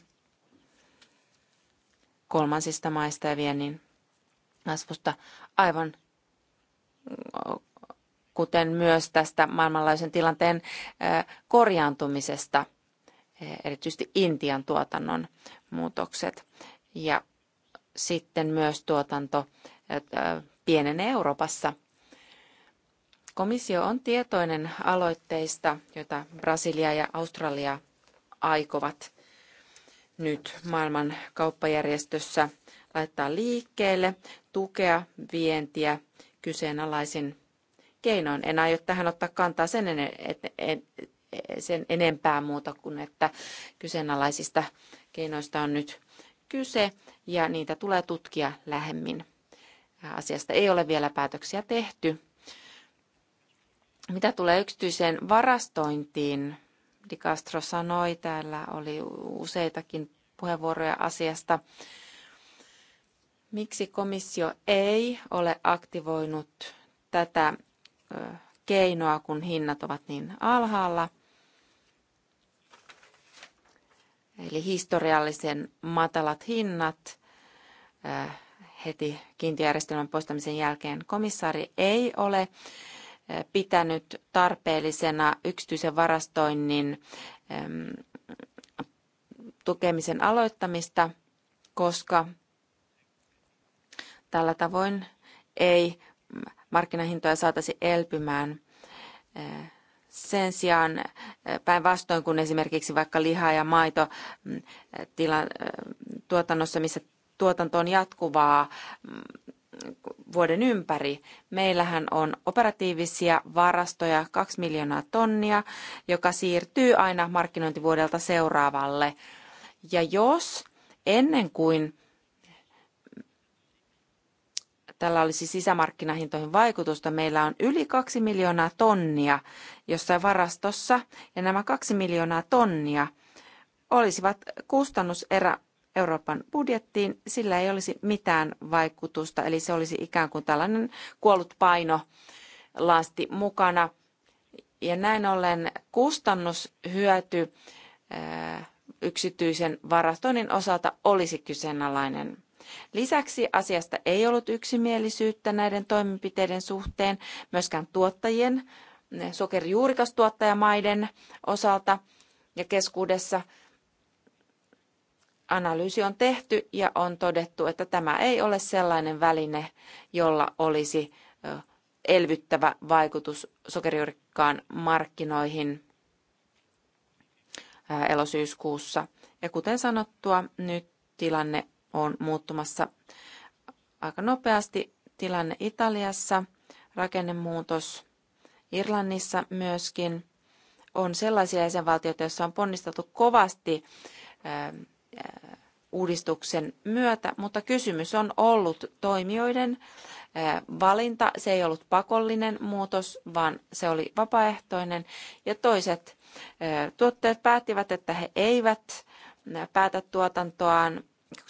kolmansista maista ja viennin kasvusta, aivan kuten myös tästä maailmanlaajuisen tilanteen korjaantumisesta, erityisesti Intian tuotannon muutokset. Ja sitten myös tuotanto pienen Euroopassa. Komissio on tietoinen aloitteista, joita Brasilia ja Australia aikovat nyt maailman kauppajärjestössä laittaa liikkeelle, tukea vientiä kyseenalaisin keinoin. En aio tähän ottaa kantaa sen, en, en, sen enempää muuta kuin, että kyseenalaisista keinoista on nyt kyse ja niitä tulee tutkia lähemmin. Asiasta ei ole vielä päätöksiä tehty. Mitä tulee yksityiseen varastointiin, Di Castro sanoi. Täällä oli useitakin puheenvuoroja asiasta. Miksi komissio ei ole aktivoinut tätä keinoa, kun hinnat ovat niin alhaalla? Eli historiallisen matalat hinnat heti kiintiöjärjestelmän poistamisen jälkeen komissaari ei ole Eh, pitänyt tarpeellisena yksityisen varastoinnin tukemisen aloittamista, koska tällä tavoin ei markkinahintoja saataisi elpymään. Eh, sen sijaan eh, päinvastoin kun esimerkiksi vaikka liha- ja maito mm, tuotannossa, missä tuotanto on jatkuvaa, mm, vuoden ympäri. Meillähän on operatiivisia varastoja 2 miljoonaa tonnia, joka siirtyy aina markkinointivuodelta seuraavalle. Ja jos ennen kuin tällä olisi sisämarkkinahintoihin vaikutusta, meillä on yli 2 miljoonaa tonnia jossain varastossa, ja nämä 2 miljoonaa tonnia olisivat kustannuserä Euroopan budjettiin, sillä ei olisi mitään vaikutusta, eli se olisi ikään kuin tällainen kuollut paino lasti mukana. Ja näin ollen kustannushyöty äh, yksityisen varastoinnin osalta olisi kyseenalainen. Lisäksi asiasta ei ollut yksimielisyyttä näiden toimenpiteiden suhteen myöskään tuottajien, äh, sokerijuurikastuottajamaiden osalta ja keskuudessa – analyysi on tehty ja on todettu, että tämä ei ole sellainen väline, jolla olisi elvyttävä vaikutus sokerijuurikkaan markkinoihin elosyyskuussa. Ja kuten sanottua, nyt tilanne on muuttumassa aika nopeasti. Tilanne Italiassa, rakennemuutos Irlannissa myöskin on sellaisia jäsenvaltioita, joissa on ponnisteltu kovasti Eh, uudistuksen myötä, mutta kysymys on ollut toimijoiden eh, valinta. Se ei ollut pakollinen muutos, vaan se oli vapaaehtoinen. Ja toiset eh, tuottajat päättivät, että he eivät päätä tuotantoaan 2006-2010,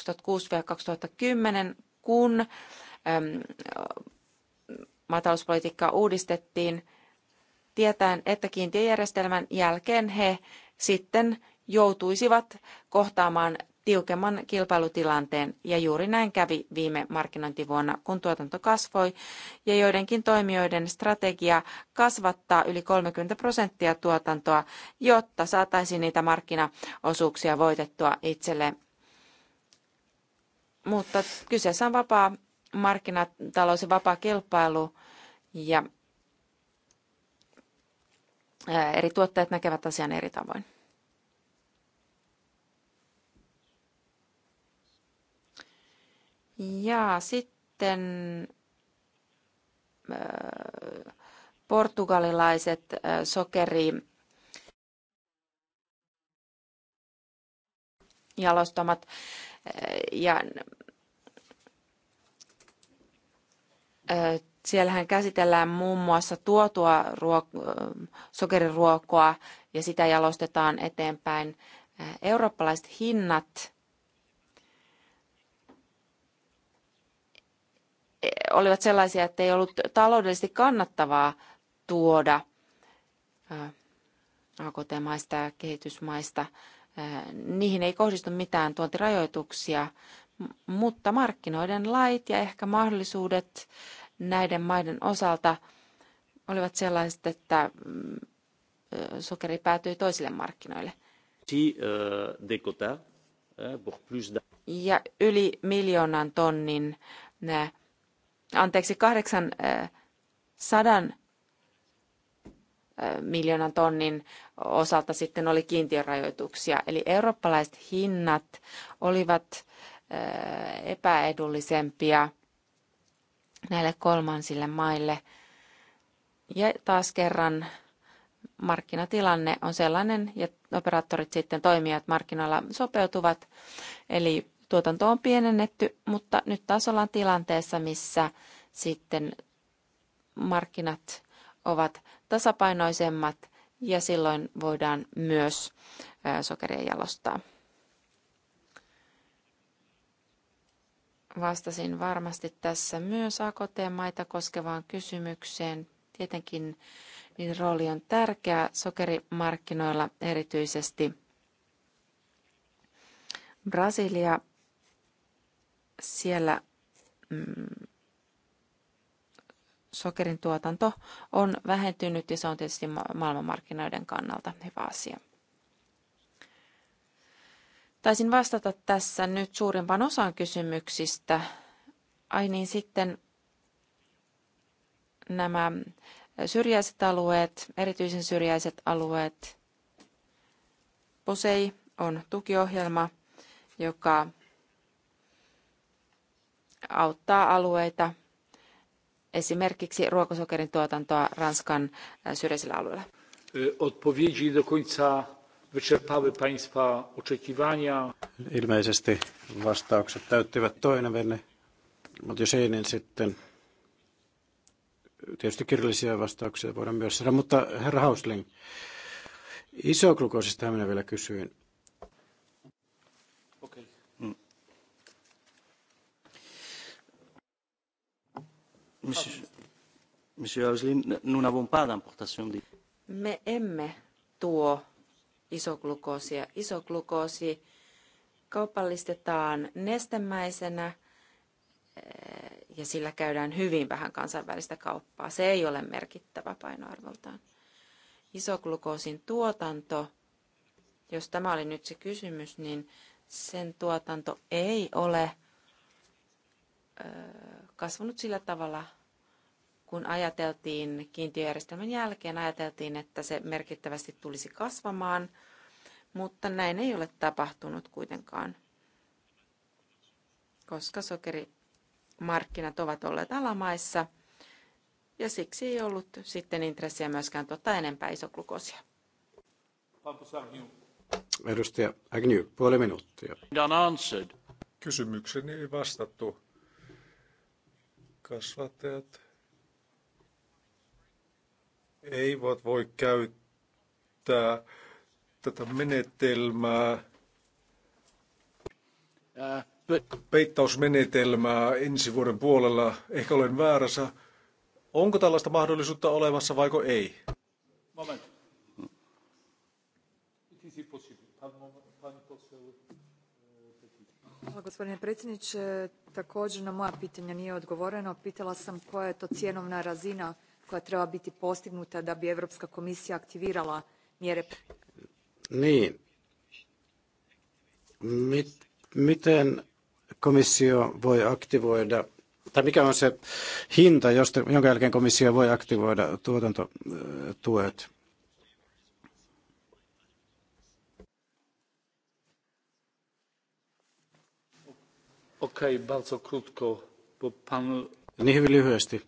kun ehm, maatalouspolitiikkaa uudistettiin, tietäen, että kiintiöjärjestelmän jälkeen he sitten joutuisivat kohtaamaan tiukemman kilpailutilanteen, ja juuri näin kävi viime markkinointivuonna, kun tuotanto kasvoi, ja joidenkin toimijoiden strategia kasvattaa yli 30 prosenttia tuotantoa, jotta saataisiin niitä markkinaosuuksia voitettua itselle. Mutta kyseessä on vapaa markkinatalous ja vapaa kilpailu, ja eri tuottajat näkevät asian eri tavoin. Ja sitten portugalilaiset sokeri jalostamat ja siellähän käsitellään muun muassa tuotua ruok- sokeriruokoa ja sitä jalostetaan eteenpäin. Eurooppalaiset hinnat olivat sellaisia, että ei ollut taloudellisesti kannattavaa tuoda AKT-maista ja kehitysmaista. Niihin ei kohdistu mitään tuontirajoituksia, mutta markkinoiden lait ja ehkä mahdollisuudet näiden maiden osalta olivat sellaiset, että mm, sokeri päätyi toisille markkinoille. Ja yli miljoonan tonnin anteeksi, 800 miljoonan tonnin osalta sitten oli kiintiörajoituksia. Eli eurooppalaiset hinnat olivat epäedullisempia näille kolmansille maille. Ja taas kerran markkinatilanne on sellainen, ja operaattorit sitten toimijat markkinoilla sopeutuvat. Eli tuotanto on pienennetty, mutta nyt taas ollaan tilanteessa, missä sitten markkinat ovat tasapainoisemmat ja silloin voidaan myös sokeria jalostaa. Vastasin varmasti tässä myös AKT-maita koskevaan kysymykseen. Tietenkin niin rooli on tärkeä sokerimarkkinoilla erityisesti. Brasilia siellä mm, sokerin tuotanto on vähentynyt ja se on tietysti maailmanmarkkinoiden kannalta hyvä asia. Taisin vastata tässä nyt suurimpaan osaan kysymyksistä. Ai niin sitten nämä syrjäiset alueet, erityisen syrjäiset alueet. POSEI on tukiohjelma, joka auttaa alueita, esimerkiksi ruokosokerin tuotantoa Ranskan syrjäisillä alueilla. Odpowiedzi do końca wyczerpały Państwa oczekiwania. Ilmeisesti vastaukset täyttivät toinen venne, mutta jos ei, niin sitten tietysti kirjallisia vastauksia voidaan myös saada. Mutta herra Hausling, isoglukoosista minä vielä kysyin. Me emme tuo isoglukoosia. Isoglukoosi kaupallistetaan nestemäisenä eh, ja sillä käydään hyvin vähän kansainvälistä kauppaa. Se ei ole merkittävä painoarvoltaan. Isoglukoosin tuotanto, jos tämä oli nyt se kysymys, niin sen tuotanto ei ole eh, kasvanut sillä tavalla, kun ajateltiin kiintiöjärjestelmän jälkeen, ajateltiin, että se merkittävästi tulisi kasvamaan, mutta näin ei ole tapahtunut kuitenkaan, koska sokerimarkkinat ovat olleet alamaissa ja siksi ei ollut sitten intressiä myöskään tuota enempää isoglukosia. Edustaja Agnew, puoli minuuttia. Kysymykseni ei vastattu kasvattajat eivät voi käyttää tätä menetelmää, äh, peittausmenetelmää ensi vuoden puolella. Ehkä olen väärässä. Onko tällaista mahdollisuutta olemassa vaiko ei? Moment. gospodine predsjednie takoer na moja pitanja nije odgovoreno. Pitala sam koja je to cjenovna razina koja treba biti postignuta da bi Europska komisija aktivirala mjere. Niin. Mit, miten komissio voi aktivoida, tai mikä on se hinta, josta, jonka jälkeen komissio voi aktivoida tuotantotuet? Niin hyvin lyhyesti.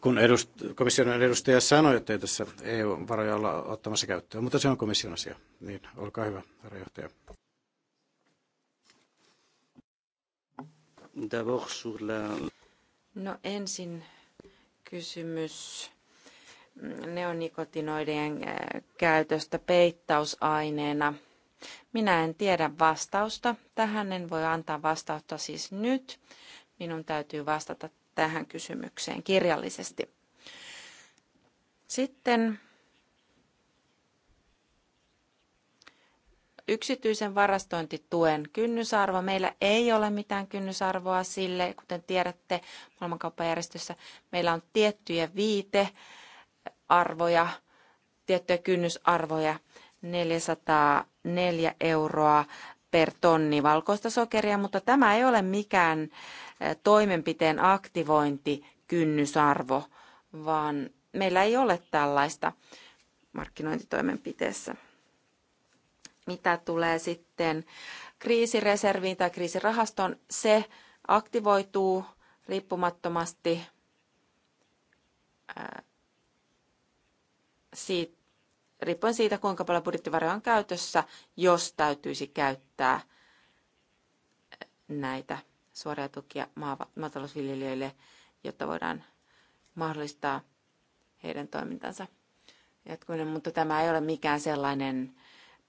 Kun edust- komission edustaja sanoi, että ei tässä EU-varoja olla ottamassa käyttöön, mutta se on komission asia. Niin, olkaa hyvä, rajoittaja. No ensin kysymys neonikotinoidien käytöstä peittausaineena – minä en tiedä vastausta. Tähän en voi antaa vastausta siis nyt. Minun täytyy vastata tähän kysymykseen kirjallisesti. Sitten yksityisen varastointituen kynnysarvo. Meillä ei ole mitään kynnysarvoa sille, kuten tiedätte maailmankauppajärjestössä. Meillä on tiettyjä viitearvoja, tiettyjä kynnysarvoja 404 euroa per tonni valkoista sokeria, mutta tämä ei ole mikään eh, toimenpiteen aktivointikynnysarvo, vaan meillä ei ole tällaista markkinointitoimenpiteessä. Mitä tulee sitten kriisireserviin tai kriisirahastoon, se aktivoituu riippumattomasti eh, siitä, riippuen siitä, kuinka paljon budjettivaroja on käytössä, jos täytyisi käyttää näitä suoria tukia maatalousviljelijöille, jotta voidaan mahdollistaa heidän toimintansa jatkuminen. Mutta tämä ei ole mikään sellainen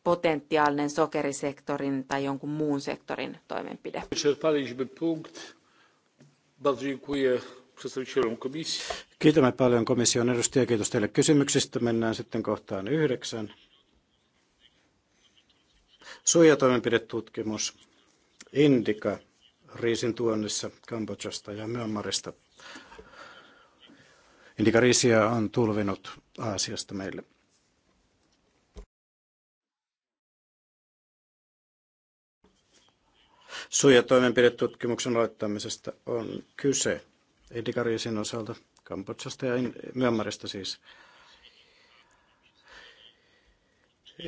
potentiaalinen sokerisektorin tai jonkun muun sektorin toimenpide. Bardzo dziękuję Kiitämme paljon komission edustajia. Kiitos teille kysymyksistä. Mennään sitten kohtaan yhdeksän. Suojatoimenpidetutkimus Indika riisin tuonnissa Kambodžasta ja Myanmarista. Indika riisiä on tulvinut Aasiasta meille. Suojatoimenpidetutkimuksen aloittamisesta on kyse Edikariisin osalta, Kambodsasta ja Myanmarista siis.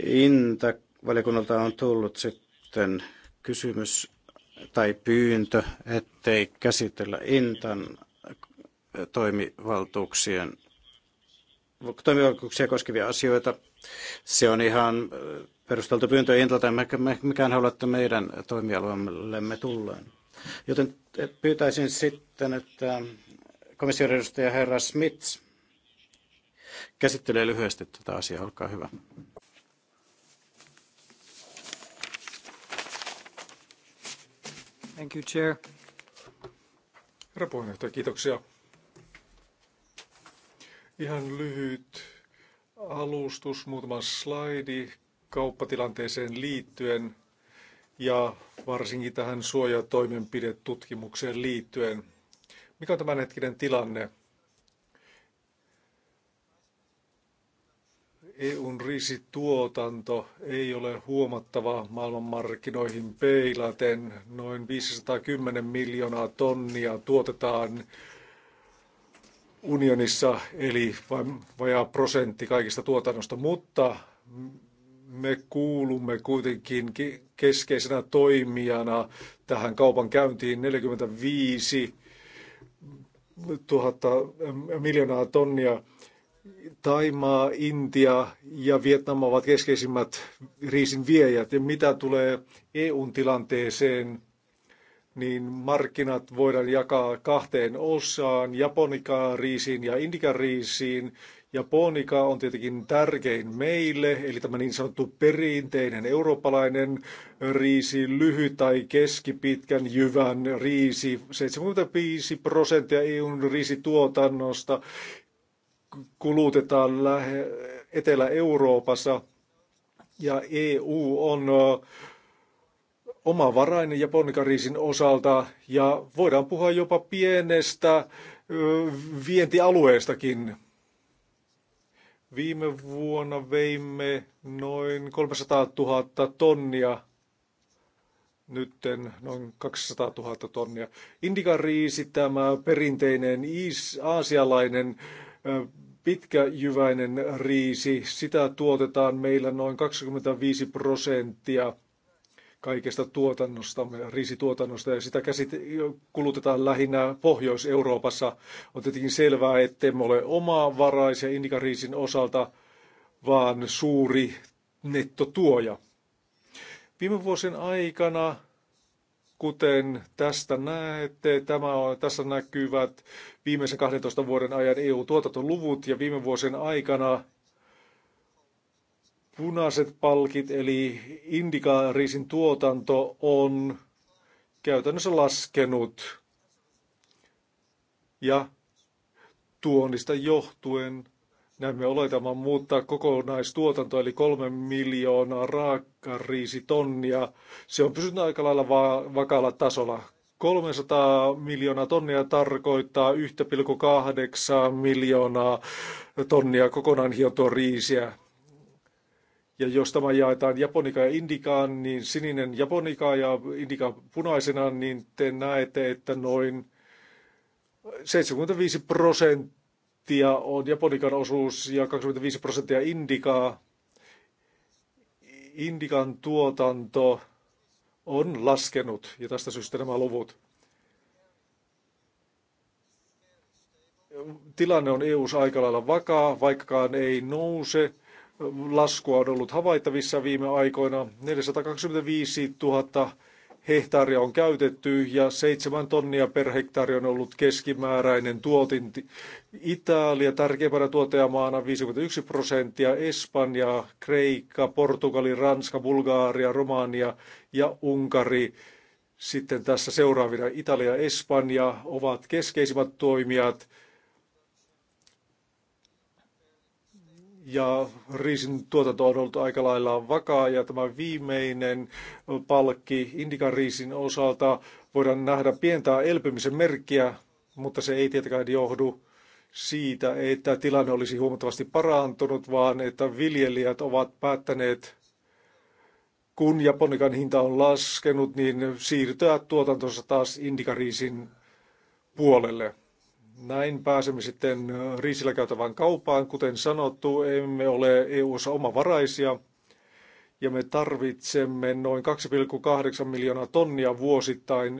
Inta valiokunnalta on tullut sitten kysymys tai pyyntö, ettei käsitellä Intan toimivaltuuksien toimivaltuuksia koskevia asioita. Se on ihan äh, perusteltu pyyntö Intalta, mikä, mikään halua, että meidän toimialueellemme tullaan. Joten eh, pyytäisin sitten, että komission edustaja herra Smith käsittelee lyhyesti tätä asiaa. Olkaa hyvä. Thank you, Chair. Herra puheenjohtaja, kiitoksia. Ihan lyhyt alustus, muutama slaidi kauppatilanteeseen liittyen ja varsinkin tähän suojatoimenpidetutkimukseen liittyen. Mikä on tämänhetkinen tilanne? EUn riisituotanto ei ole huomattava maailmanmarkkinoihin peilaten. Noin 510 miljoonaa tonnia tuotetaan unionissa, eli vain vajaa prosentti kaikista tuotannosta, mutta me kuulumme kuitenkin keskeisenä toimijana tähän kaupan käyntiin 45 000 miljoonaa tonnia. Taimaa, Intia ja Vietnam ovat keskeisimmät riisin viejät. Ja mitä tulee eu tilanteeseen, niin markkinat voidaan jakaa kahteen osaan, japonikaan riisiin ja indikariisiin, ja Ponika on tietenkin tärkein meille, eli tämä niin sanottu perinteinen eurooppalainen riisi, lyhyt tai keskipitkän jyvän riisi. 75 prosenttia EUn riisituotannosta kulutetaan Etelä-Euroopassa ja EU on omavarainen japonikariisin osalta ja voidaan puhua jopa pienestä vientialueestakin Viime vuonna veimme noin 300 000 tonnia, nytten noin 200 000 tonnia. Indikariisi, tämä perinteinen aasialainen pitkäjyväinen riisi, sitä tuotetaan meillä noin 25 prosenttia kaikesta tuotannosta, riisituotannosta, ja sitä käsit- kulutetaan lähinnä Pohjois-Euroopassa. On tietenkin selvää, ettemme ole omavaraisia indikariisin osalta, vaan suuri nettotuoja. Viime vuosien aikana, kuten tästä näette, tämä on, tässä näkyvät viimeisen 12 vuoden ajan EU-tuotantoluvut ja viime vuosien aikana Punaiset palkit eli indikaariisin tuotanto on käytännössä laskenut ja tuonnista johtuen näin me oletamme muuttaa kokonaistuotanto, eli kolme miljoonaa raakariisitonnia. Se on pysynyt aika lailla va- vakaalla tasolla. 300 miljoonaa tonnia tarkoittaa 1,8 miljoonaa tonnia kokonaan hiotua riisiä. Ja jos tämä jaetaan japonika ja indikaan, niin sininen japonika ja indika punaisena, niin te näette, että noin 75 prosenttia on japonikan osuus ja 25 prosenttia indikaa. Indikan tuotanto on laskenut ja tästä syystä nämä luvut. Tilanne on EU-ssa aika lailla vakaa, vaikkakaan ei nouse laskua on ollut havaittavissa viime aikoina. 425 000 hehtaaria on käytetty ja 7 tonnia per hehtaari on ollut keskimääräinen tuotinti. Italia tärkeimpänä tuottajamaana 51 prosenttia, Espanja, Kreikka, Portugali, Ranska, Bulgaaria, Romania ja Unkari. Sitten tässä seuraavina Italia ja Espanja ovat keskeisimmät toimijat – ja riisin tuotanto on ollut aika lailla vakaa ja tämä viimeinen palkki Riisin osalta voidaan nähdä pientää elpymisen merkkiä, mutta se ei tietenkään johdu siitä, että tilanne olisi huomattavasti parantunut, vaan että viljelijät ovat päättäneet, kun japonikan hinta on laskenut, niin siirtyä tuotantonsa taas Riisin puolelle. Näin pääsemme sitten riisillä käytävään kaupaan. Kuten sanottu, emme ole EU-ssa omavaraisia ja me tarvitsemme noin 2,8 miljoonaa tonnia vuosittain.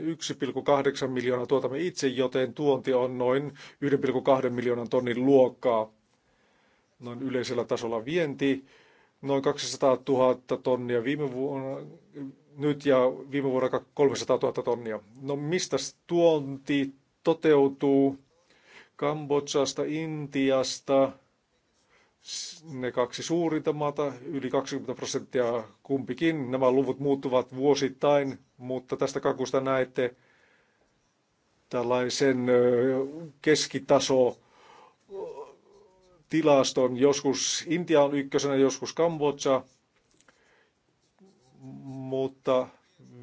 1,8 miljoonaa tuotamme itse, joten tuonti on noin 1,2 miljoonan tonnin luokkaa. Noin yleisellä tasolla vienti noin 200 000 tonnia viime vuonna, nyt ja viime vuonna 300 000 tonnia. No mistä tuonti toteutuu? Kambodsasta, Intiasta, ne kaksi suurinta maata, yli 20 prosenttia kumpikin. Nämä luvut muuttuvat vuosittain, mutta tästä kakusta näette tällaisen keskitaso tilaston. Joskus Intia on ykkösenä, joskus Kambodža, mutta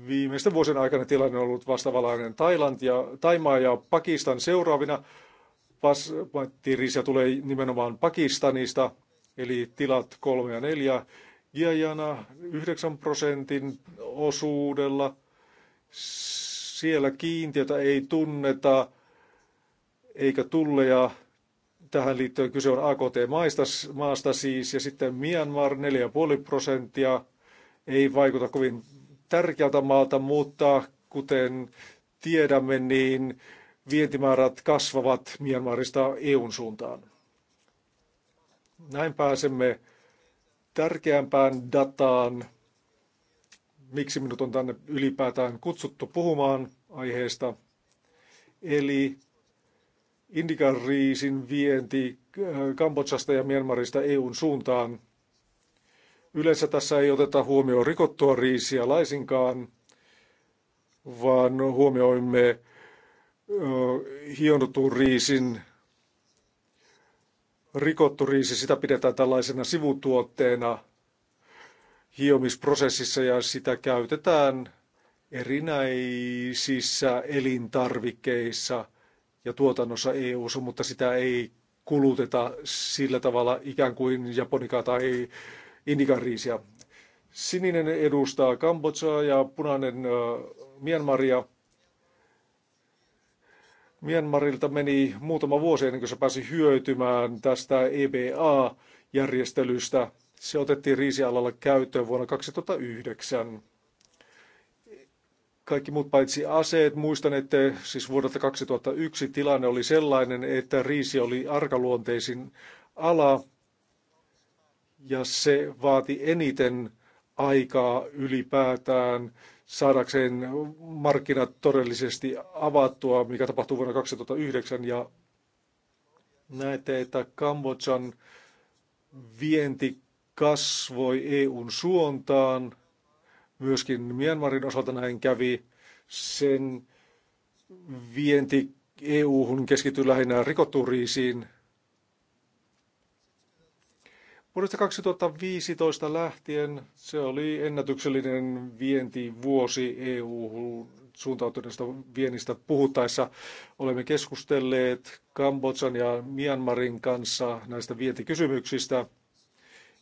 viimeisten vuosien aikana tilanne on ollut vastavallainen Thailand ja Taimaa ja Pakistan seuraavina. Basmattirisiä tulee nimenomaan Pakistanista, eli tilat 3 ja 4. Giajana 9 prosentin osuudella. Siellä kiintiötä ei tunneta eikä tulleja. Tähän liittyen kyse on AKT-maista maasta siis, ja sitten Myanmar 4,5 prosenttia. Ei vaikuta kovin tärkeältä maalta, mutta kuten tiedämme, niin vientimäärät kasvavat Myanmarista EUn suuntaan. Näin pääsemme tärkeämpään dataan, miksi minut on tänne ylipäätään kutsuttu puhumaan aiheesta, eli indikariisin vienti äh, Kambodsasta ja Myanmarista EUn suuntaan. Yleensä tässä ei oteta huomioon rikottua riisiä laisinkaan, vaan huomioimme hienotun riisin, rikottu riisi, sitä pidetään tällaisena sivutuotteena hiomisprosessissa ja sitä käytetään erinäisissä elintarvikkeissa ja tuotannossa eu mutta sitä ei kuluteta sillä tavalla ikään kuin japonikaa tai riisiä. Sininen edustaa Kambodsaa ja punainen äh, Myanmaria. Myanmarilta meni muutama vuosi ennen kuin se pääsi hyötymään tästä EBA-järjestelystä. Se otettiin riisialalla käyttöön vuonna 2009. Kaikki muut paitsi aseet, muistan, että siis vuodelta 2001 tilanne oli sellainen, että riisi oli arkaluonteisin ala ja se vaati eniten aikaa ylipäätään saadakseen markkinat todellisesti avattua, mikä tapahtuu vuonna 2009. Ja näette, että Kambodjan vienti kasvoi EUn suuntaan. Myöskin Myanmarin osalta näin kävi. Sen vienti EU-hun keskittyi lähinnä rikotturiisiin – Vuodesta 2015 lähtien se oli ennätyksellinen vientivuosi EU suuntautuneesta vienistä puhuttaessa. Olemme keskustelleet Kambodsan ja Myanmarin kanssa näistä vientikysymyksistä.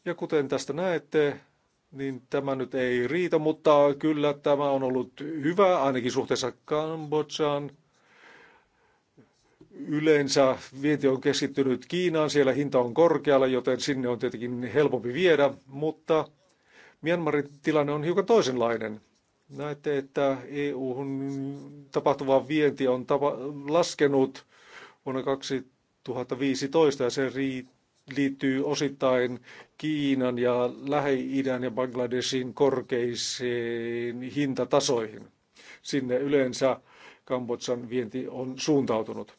Ja kuten tästä näette, niin tämä nyt ei riitä, mutta kyllä tämä on ollut hyvä, ainakin suhteessa Kambodsaan. Yleensä vienti on keskittynyt Kiinaan, siellä hinta on korkealla, joten sinne on tietenkin helpompi viedä, mutta Myanmarin tilanne on hiukan toisenlainen. Näette, että EU-hun tapahtuva vienti on tapa- laskenut vuonna 2015 ja se liittyy osittain Kiinan ja Lähi-idän ja Bangladesin korkeisiin hintatasoihin. Sinne yleensä Kambodsan vienti on suuntautunut.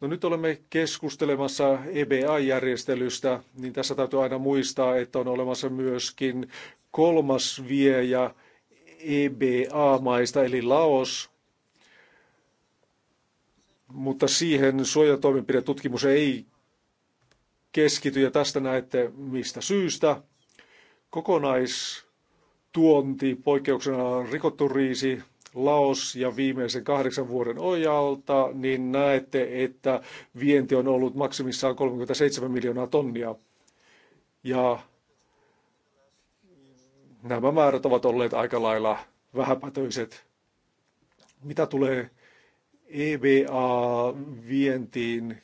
No nyt olemme keskustelemassa EBA-järjestelystä, niin tässä täytyy aina muistaa, että on olemassa myöskin kolmas viejä EBA-maista, eli Laos, mutta siihen suojatoimenpidetutkimus ei keskity, ja tästä näette mistä syystä. Kokonaistuonti poikkeuksena on rikottu riisi, Laos ja viimeisen kahdeksan vuoden ojalta, niin näette, että vienti on ollut maksimissaan 37 miljoonaa tonnia. Ja nämä määrät ovat olleet aika lailla vähäpätöiset. Mitä tulee EBA-vientiin,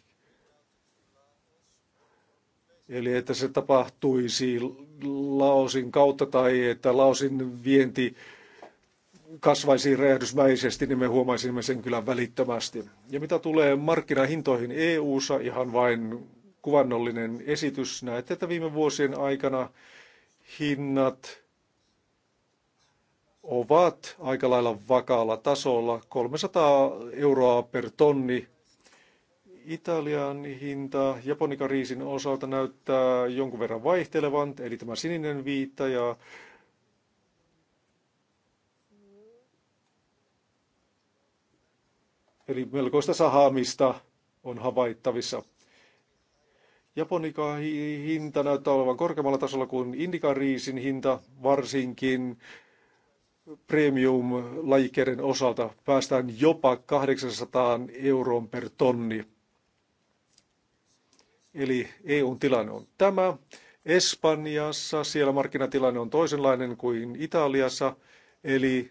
eli että se tapahtuisi Laosin kautta tai että Laosin vienti kasvaisi räjähdysmäisesti, niin me huomaisimme sen kyllä välittömästi. Ja mitä tulee markkinahintoihin EU-ssa, ihan vain kuvannollinen esitys. Näette, että viime vuosien aikana hinnat ovat aika lailla vakaalla tasolla, 300 euroa per tonni. Italian hinta japonikariisin osalta näyttää jonkun verran vaihtelevan, eli tämä sininen viitta ja Eli melkoista sahaamista on havaittavissa. Japonikan hinta näyttää olevan korkeammalla tasolla kuin indikariisin hinta, varsinkin premium-lajikkeiden osalta päästään jopa 800 euroon per tonni. Eli EUn tilanne on tämä. Espanjassa siellä markkinatilanne on toisenlainen kuin Italiassa, eli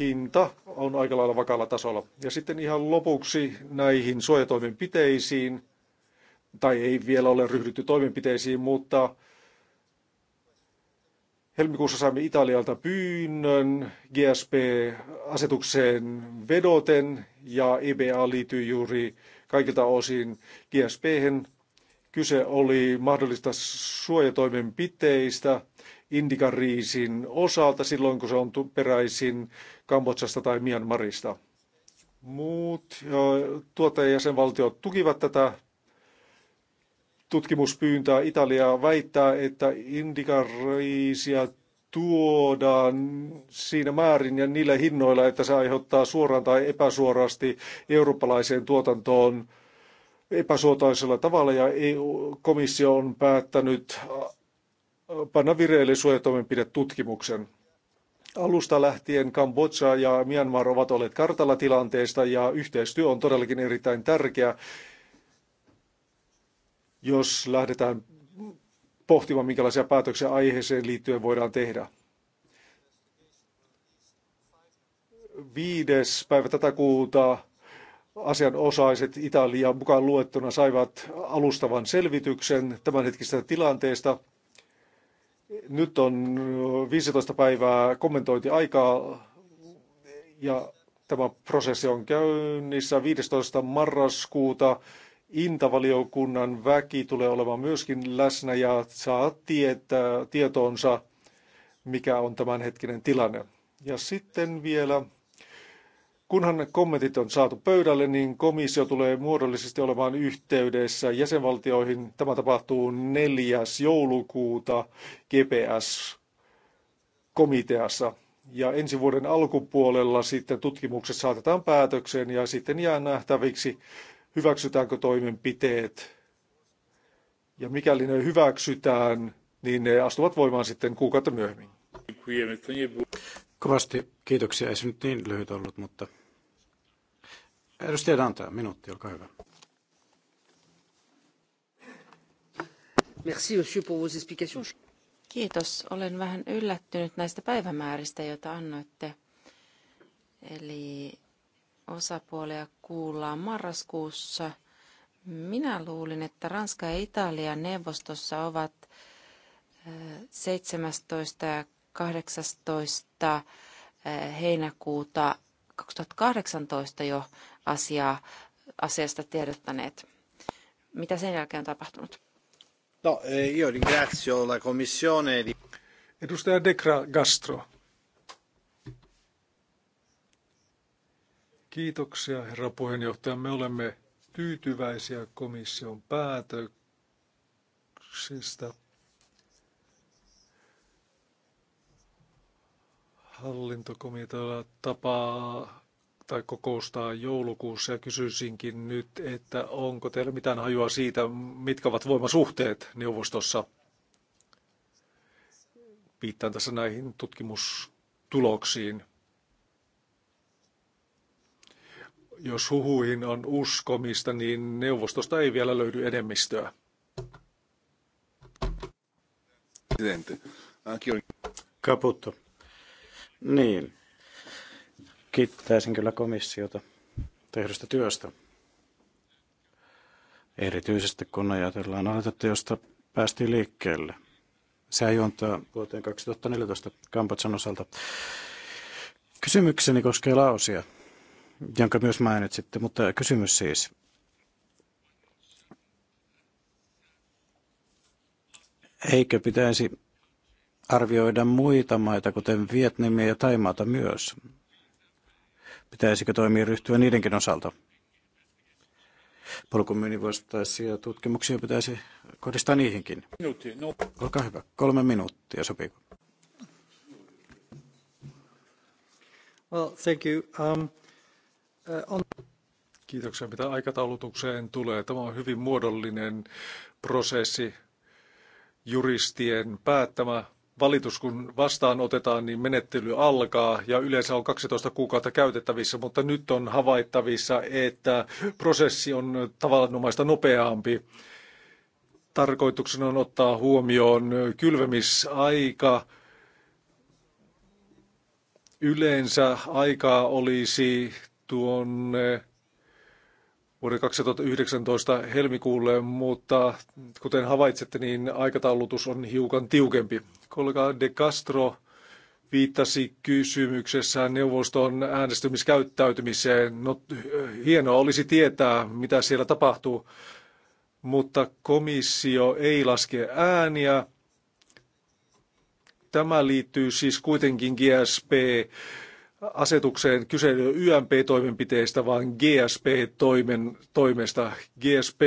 hinta on aika lailla vakalla tasolla. Ja sitten ihan lopuksi näihin suojatoimenpiteisiin, tai ei vielä ole ryhdytty toimenpiteisiin, mutta helmikuussa saimme Italialta pyynnön GSP-asetukseen vedoten, ja EBA liittyy juuri kaikilta osin gsp -hän. Kyse oli mahdollista suojatoimenpiteistä indikariisin osalta silloin, kun se on peräisin Kambodsasta tai Myanmarista. Muut tuottajajäsenvaltiot tukivat tätä tutkimuspyyntöä. Italia väittää, että indikariisia tuodaan siinä määrin ja niillä hinnoilla, että se aiheuttaa suoraan tai epäsuorasti eurooppalaiseen tuotantoon epäsuotaisella tavalla ja EU-komissio on päättänyt panna vireille suojatoimenpidetutkimuksen. Alusta lähtien Kambodža ja Myanmar ovat olleet kartalla tilanteesta ja yhteistyö on todellakin erittäin tärkeä, jos lähdetään pohtimaan, minkälaisia päätöksiä aiheeseen liittyen voidaan tehdä. Viides päivä tätä kuuta asianosaiset Italia mukaan luettuna saivat alustavan selvityksen tämänhetkisestä tilanteesta – nyt on 15 päivää kommentointiaikaa ja tämä prosessi on käynnissä 15. marraskuuta. Intavaliokunnan väki tulee olemaan myöskin läsnä ja saa tietää, tietoonsa, mikä on tämänhetkinen tilanne. Ja sitten vielä Kunhan kommentit on saatu pöydälle, niin komissio tulee muodollisesti olemaan yhteydessä jäsenvaltioihin. Tämä tapahtuu 4. joulukuuta GPS-komiteassa. Ja ensi vuoden alkupuolella sitten tutkimukset saatetaan päätökseen ja sitten jää nähtäviksi, hyväksytäänkö toimenpiteet. Ja mikäli ne hyväksytään, niin ne astuvat voimaan sitten kuukautta myöhemmin. Kovasti kiitoksia. Ei se nyt niin lyhyt ollut, mutta Edustaja Dantaa, minuutti, olkaa hyvä. Merci, monsieur, pour vos explications. Kiitos. Olen vähän yllättynyt näistä päivämääristä, joita annoitte. Eli osapuolia kuullaan marraskuussa. Minä luulin, että Ranska ja Italia neuvostossa ovat 17 ja 18 heinäkuuta 2018 jo asiaa, asiasta tiedottaneet. Mitä sen jälkeen on tapahtunut? No, eh, io ringrazio la commissione di... Edustaja Dekra Gastro. Kiitoksia, herra puheenjohtaja. Me olemme tyytyväisiä komission päätöksistä. Hallintokomitea tapaa tai kokoustaan joulukuussa ja kysyisinkin nyt, että onko teillä mitään hajua siitä, mitkä ovat voimasuhteet neuvostossa? Viittaan tässä näihin tutkimustuloksiin. Jos huhuihin on uskomista, niin neuvostosta ei vielä löydy enemmistöä. Kaputto. Niin, Kiittäisin kyllä komissiota tehdystä työstä. Erityisesti kun ajatellaan aloitetta, josta päästiin liikkeelle. Se juontaa vuoteen 2014 Kampotsan osalta. Kysymykseni koskee lausia, jonka myös mainitsitte, mutta kysymys siis. Eikö pitäisi arvioida muita maita, kuten Vietnamia ja Taimaata myös, Pitäisikö toimia ryhtyä niidenkin osalta? Polkumyynnin vastaisia tutkimuksia pitäisi kohdistaa niihinkin. No. Olkaa hyvä. Kolme minuuttia, sopii. Well, thank you. Um, uh, on... Kiitoksia, mitä aikataulutukseen tulee. Tämä on hyvin muodollinen prosessi, juristien päättämä valitus kun vastaanotetaan, niin menettely alkaa ja yleensä on 12 kuukautta käytettävissä, mutta nyt on havaittavissa, että prosessi on tavanomaista nopeampi. Tarkoituksena on ottaa huomioon kylvemisaika. Yleensä aikaa olisi tuon vuoden 2019 helmikuulle, mutta kuten havaitsette, niin aikataulutus on hiukan tiukempi. Kollega De Castro viittasi kysymyksessään neuvoston äänestymiskäyttäytymiseen. No, hienoa olisi tietää, mitä siellä tapahtuu, mutta komissio ei laske ääniä. Tämä liittyy siis kuitenkin GSP asetukseen kyse ei ole YMP-toimenpiteistä, vaan GSP-toimesta. GSP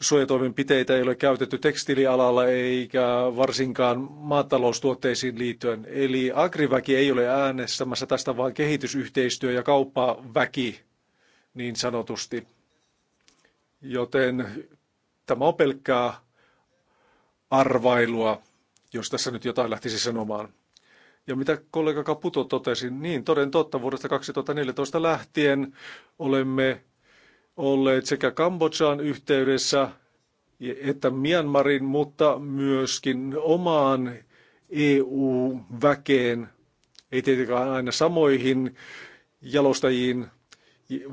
suojatoimenpiteitä ei ole käytetty tekstiilialalla eikä varsinkaan maataloustuotteisiin liittyen. Eli agriväki ei ole äänestämässä tästä, vaan kehitysyhteistyö ja kauppaväki niin sanotusti. Joten tämä on pelkkää arvailua, jos tässä nyt jotain lähtisi sanomaan. Ja mitä kollega Kaputo totesi, niin toden totta vuodesta 2014 lähtien olemme olleet sekä Kambodžaan yhteydessä että Myanmarin, mutta myöskin omaan EU-väkeen, ei tietenkään aina samoihin jalostajiin,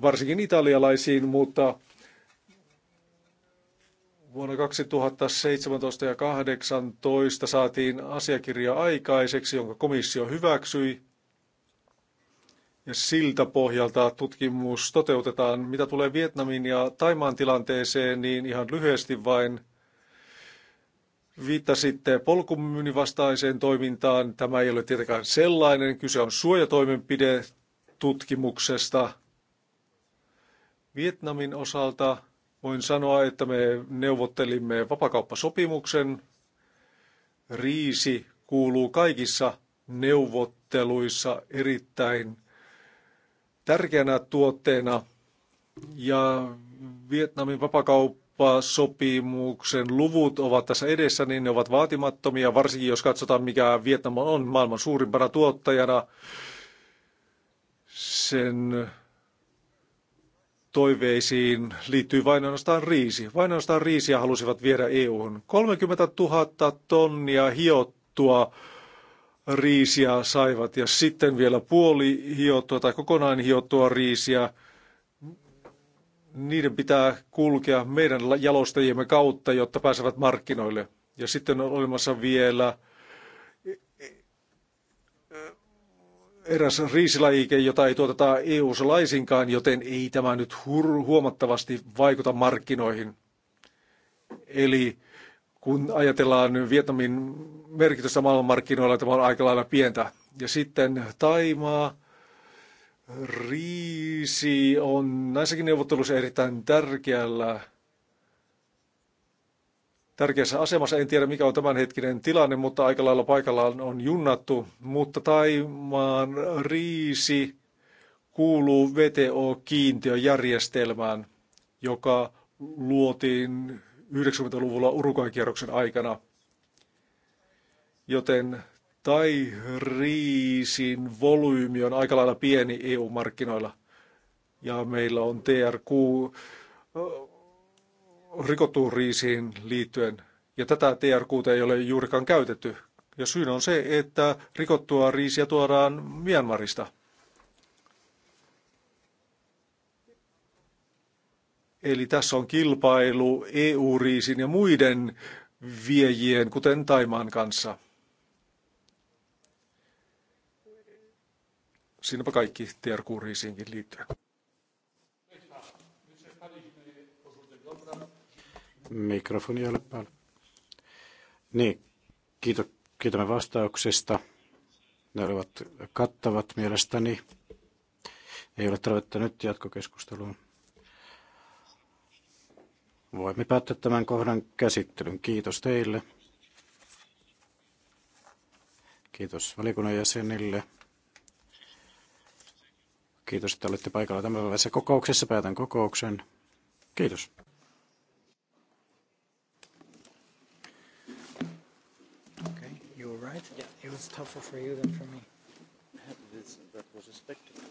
varsinkin italialaisiin, mutta Vuonna 2017 ja 2018 saatiin asiakirja aikaiseksi, jonka komissio hyväksyi. Ja siltä pohjalta tutkimus toteutetaan. Mitä tulee Vietnamin ja Taimaan tilanteeseen, niin ihan lyhyesti vain viittasitte polkumyynnin vastaiseen toimintaan. Tämä ei ole tietenkään sellainen. Kyse on suojatoimenpide tutkimuksesta. Vietnamin osalta Voin sanoa, että me neuvottelimme vapakauppasopimuksen. Riisi kuuluu kaikissa neuvotteluissa erittäin tärkeänä tuotteena. Ja Vietnamin vapakauppasopimuksen luvut ovat tässä edessä, niin ne ovat vaatimattomia, varsinkin jos katsotaan, mikä Vietnam on maailman suurimpana tuottajana. Sen toiveisiin liittyy vain ainoastaan riisi. Vain ainoastaan riisiä halusivat viedä EU-hun. 30 000 tonnia hiottua riisiä saivat ja sitten vielä puoli hiottua tai kokonaan hiottua riisiä. Niiden pitää kulkea meidän jalostajiemme kautta, jotta pääsevät markkinoille. Ja sitten on olemassa vielä eräs riisilajike, jota ei tuoteta EU-ssa laisinkaan, joten ei tämä nyt huomattavasti vaikuta markkinoihin. Eli kun ajatellaan Vietnamin merkitystä maailmanmarkkinoilla, tämä on aika lailla pientä. Ja sitten Taimaa, riisi on näissäkin neuvotteluissa erittäin tärkeällä tärkeässä asemassa. En tiedä, mikä on tämänhetkinen tilanne, mutta aika lailla paikallaan on junnattu. Mutta Taimaan riisi kuuluu VTO-kiintiöjärjestelmään, joka luotiin 90-luvulla urukaikierroksen aikana. Joten tai riisin volyymi on aika lailla pieni EU-markkinoilla. Ja meillä on TRQ rikottuun riisiin liittyen. Ja tätä TR6 ei ole juurikaan käytetty. Ja syyn on se, että rikottua riisiä tuodaan Myanmarista. Eli tässä on kilpailu EU-riisin ja muiden viejien, kuten Taimaan kanssa. Siinäpä kaikki TRQ-riisiinkin liittyen. Mikrofoni ei ole päällä. Niin, kiito, kiitämme vastauksista. Ne olivat kattavat mielestäni. Ei ole tarvetta nyt jatkokeskusteluun. Voimme päättää tämän kohdan käsittelyn. Kiitos teille. Kiitos valiokunnan jäsenille. Kiitos, että olette paikalla tämän kokouksessa. Päätän kokouksen. Kiitos. It was tougher for you than for me. that was a spectacle.